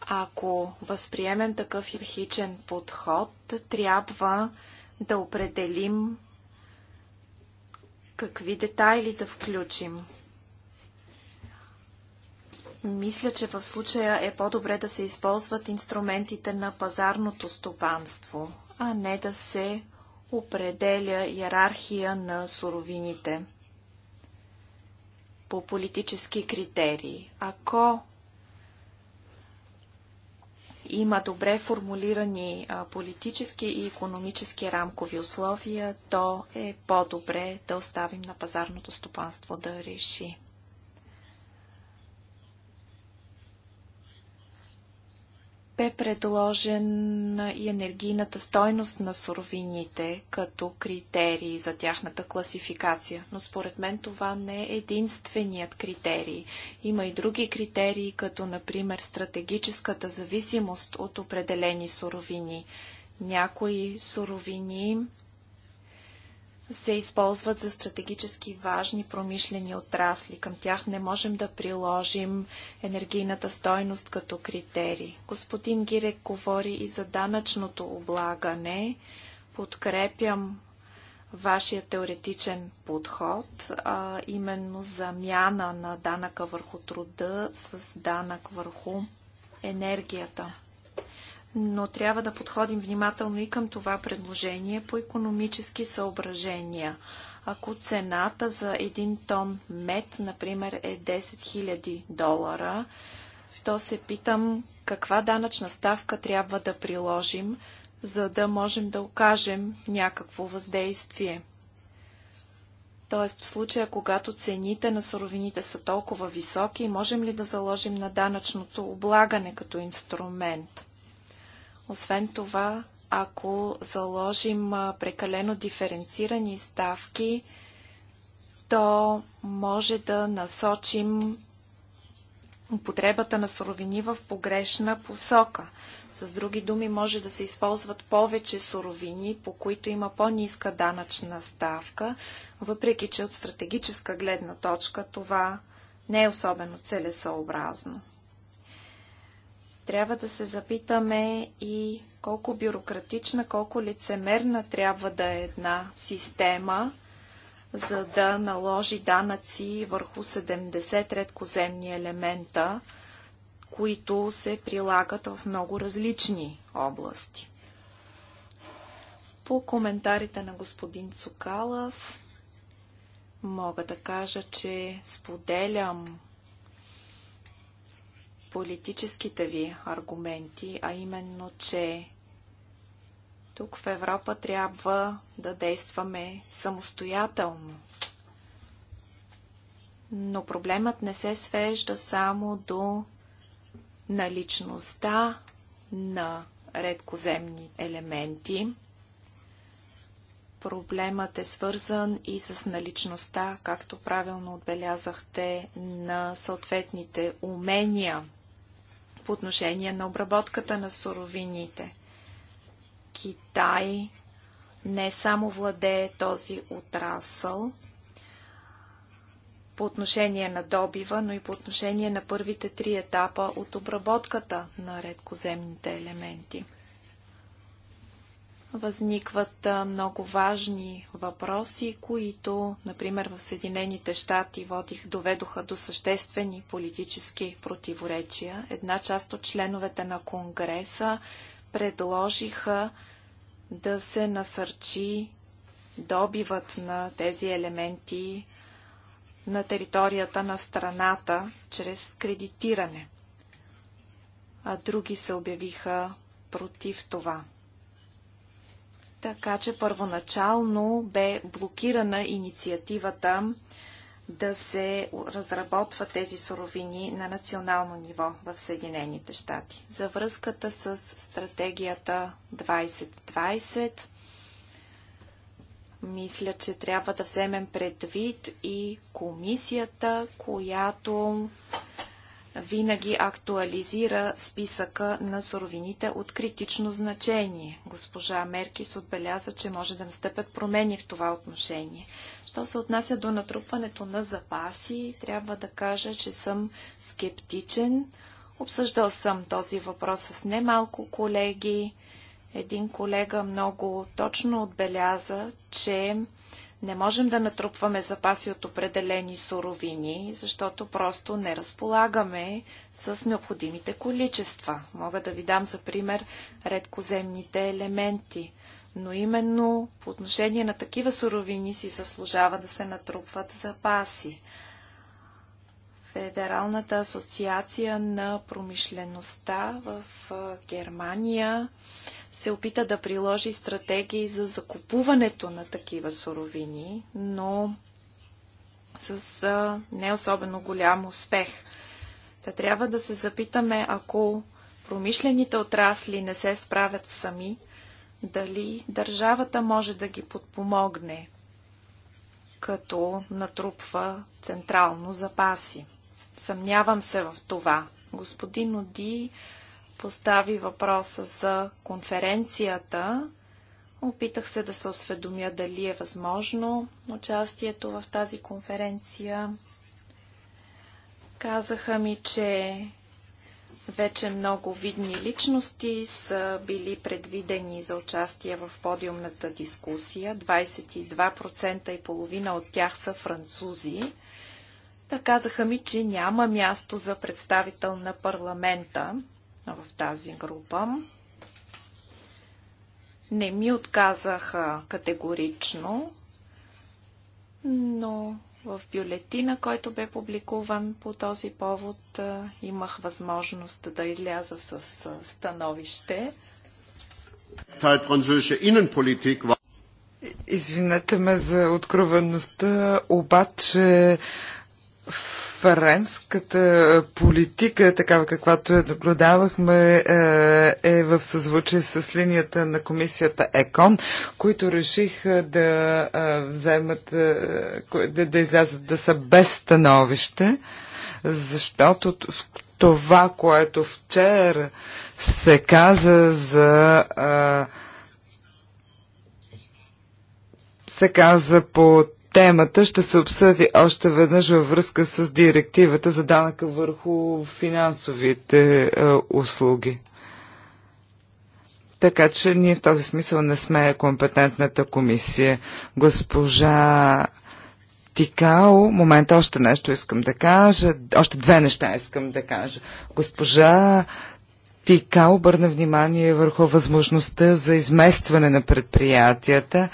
Ако възприемем такъв иерархичен подход, трябва да определим какви детайли да включим. Мисля, че в случая е по-добре да се използват инструментите на пазарното стопанство, а не да се определя иерархия на суровините по политически критерии. Ако има добре формулирани политически и економически рамкови условия, то е по-добре да оставим на пазарното стопанство да реши. бе предложен и енергийната стойност на суровините като критерии за тяхната класификация, но според мен това не е единственият критерий. Има и други критерии, като например стратегическата зависимост от определени суровини. Някои суровини се използват за стратегически важни промишлени отрасли. Към тях не можем да приложим енергийната стойност като критерий. Господин Гирек говори и за данъчното облагане. Подкрепям вашия теоретичен подход, а именно замяна на данъка върху труда с данък върху енергията но трябва да подходим внимателно и към това предложение по економически съображения. Ако цената за един тон мед, например, е 10 000 долара, то се питам каква данъчна ставка трябва да приложим, за да можем да окажем някакво въздействие. Тоест, в случая, когато цените на суровините са толкова високи, можем ли да заложим на данъчното облагане като инструмент? Освен това, ако заложим прекалено диференцирани ставки, то може да насочим употребата на суровини в погрешна посока. С други думи, може да се използват повече суровини, по които има по-ниска данъчна ставка, въпреки че от стратегическа гледна точка това не е особено целесообразно трябва да се запитаме и колко бюрократична, колко лицемерна трябва да е една система, за да наложи данъци върху 70 редкоземни елемента, които се прилагат в много различни области. По коментарите на господин Цукалас мога да кажа, че споделям политическите ви аргументи, а именно, че тук в Европа трябва да действаме самостоятелно. Но проблемът не се свежда само до наличността на редкоземни елементи. Проблемът е свързан и с наличността, както правилно отбелязахте, на съответните умения по отношение на обработката на суровините. Китай не само владее този отрасъл по отношение на добива, но и по отношение на първите три етапа от обработката на редкоземните елементи възникват много важни въпроси, които, например, в Съединените щати водих, доведоха до съществени политически противоречия. Една част от членовете на Конгреса предложиха да се насърчи добивът на тези елементи на територията на страната чрез кредитиране, а други се обявиха против това – така че първоначално бе блокирана инициативата да се разработват тези суровини на национално ниво в Съединените щати. За връзката с стратегията 2020 мисля, че трябва да вземем предвид и комисията, която винаги актуализира списъка на суровините от критично значение. Госпожа Меркис отбеляза, че може да настъпят промени в това отношение. Що се отнася до натрупването на запаси, трябва да кажа, че съм скептичен. Обсъждал съм този въпрос с немалко колеги. Един колега много точно отбеляза, че не можем да натрупваме запаси от определени суровини, защото просто не разполагаме с необходимите количества. Мога да ви дам за пример редкоземните елементи. Но именно по отношение на такива суровини си заслужава да се натрупват запаси. Федералната асоциация на промишлеността в Германия се опита да приложи стратегии за закупуването на такива суровини, но с не особено голям успех. Та трябва да се запитаме, ако промишлените отрасли не се справят сами, дали държавата може да ги подпомогне, като натрупва централно запаси. Съмнявам се в това. Господин Оди постави въпроса за конференцията. Опитах се да се осведомя дали е възможно участието в тази конференция. Казаха ми, че вече много видни личности са били предвидени за участие в подиумната дискусия. 22% и половина от тях са французи. Та казаха ми, че няма място за представител на парламента в тази група. Не ми отказаха категорично, но в бюлетина, който бе публикуван по този повод, имах възможност да изляза с становище. Извинете ме за откровеността, обаче френската политика, такава каквато я наблюдавахме, е, е в съзвучие с линията на комисията ЕКОН, които решиха е, да е, вземат, да, да излязат да са без становище, защото това, което вчера се каза за се каза по темата ще се обсъди още веднъж във връзка с директивата за данъка върху финансовите а, е, услуги. Така че ние в този смисъл не сме компетентната комисия. Госпожа Тикао, момента още нещо искам да кажа, още две неща искам да кажа. Госпожа Тикао обърна внимание върху възможността за изместване на предприятията.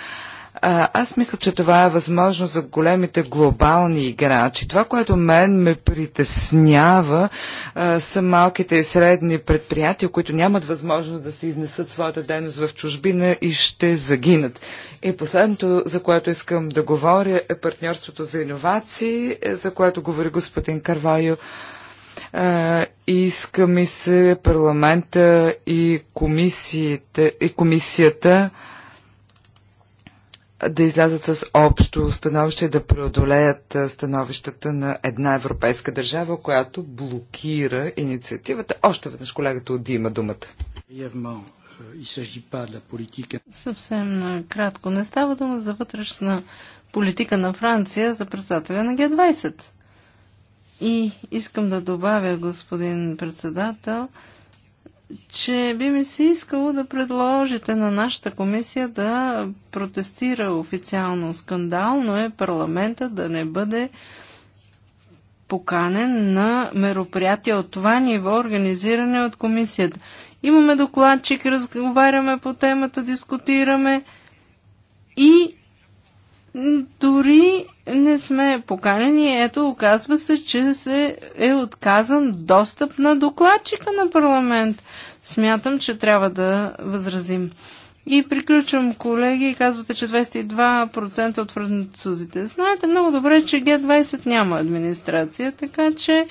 А, аз мисля, че това е възможно за големите глобални играчи. Това, което мен ме притеснява, а, са малките и средни предприятия, които нямат възможност да се изнесат своята дейност в чужбина и ще загинат. И последното, за което искам да говоря, е партньорството за иновации, е, за което говори господин Карвайо. Uh, иска ми се парламента и комисията, и комисията да излязат с общо становище и да преодолеят становищата на една европейска държава, която блокира инициативата. Още веднъж колегата от има думата. Съвсем кратко. Не става дума за вътрешна политика на Франция за председателя на Г-20. И искам да добавя, господин председател, че би ми се искало да предложите на нашата комисия да протестира официално. Скандално е парламента да не бъде поканен на мероприятия от това ниво, организиране от комисията. Имаме докладчик, разговаряме по темата, дискутираме и дори не сме поканени. Ето, оказва се, че се е отказан достъп на докладчика на парламент. Смятам, че трябва да възразим. И приключвам, колеги, казвате, че 22% от французите. Знаете много добре, че Г20 няма администрация, така че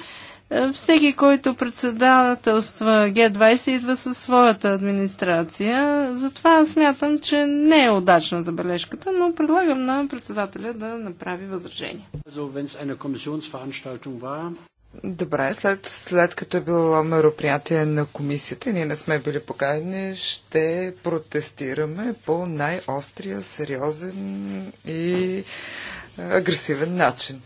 е, всеки, който председателства Г-20, идва със своята администрация. Затова смятам, че не е удачна забележката, но предлагам на председателя да направи възражение. Добре, след, след като е било мероприятие на комисията, ние не сме били поканени, ще протестираме по най-острия, сериозен и агресивен начин.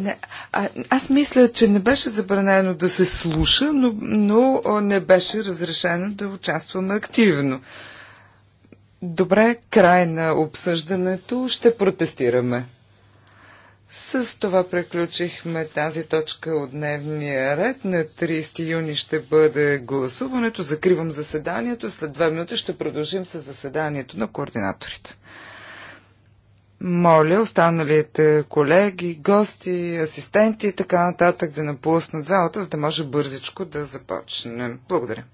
Не, а, аз мисля, че не беше забранено да се слуша, но, но не беше разрешено да участваме активно. Добре, край на обсъждането. Ще протестираме. С това приключихме тази точка от дневния ред. На 30 юни ще бъде гласуването. Закривам заседанието. След две минути ще продължим с заседанието на координаторите моля останалите колеги, гости, асистенти и така нататък да напуснат залата, за да може бързичко да започнем. Благодаря.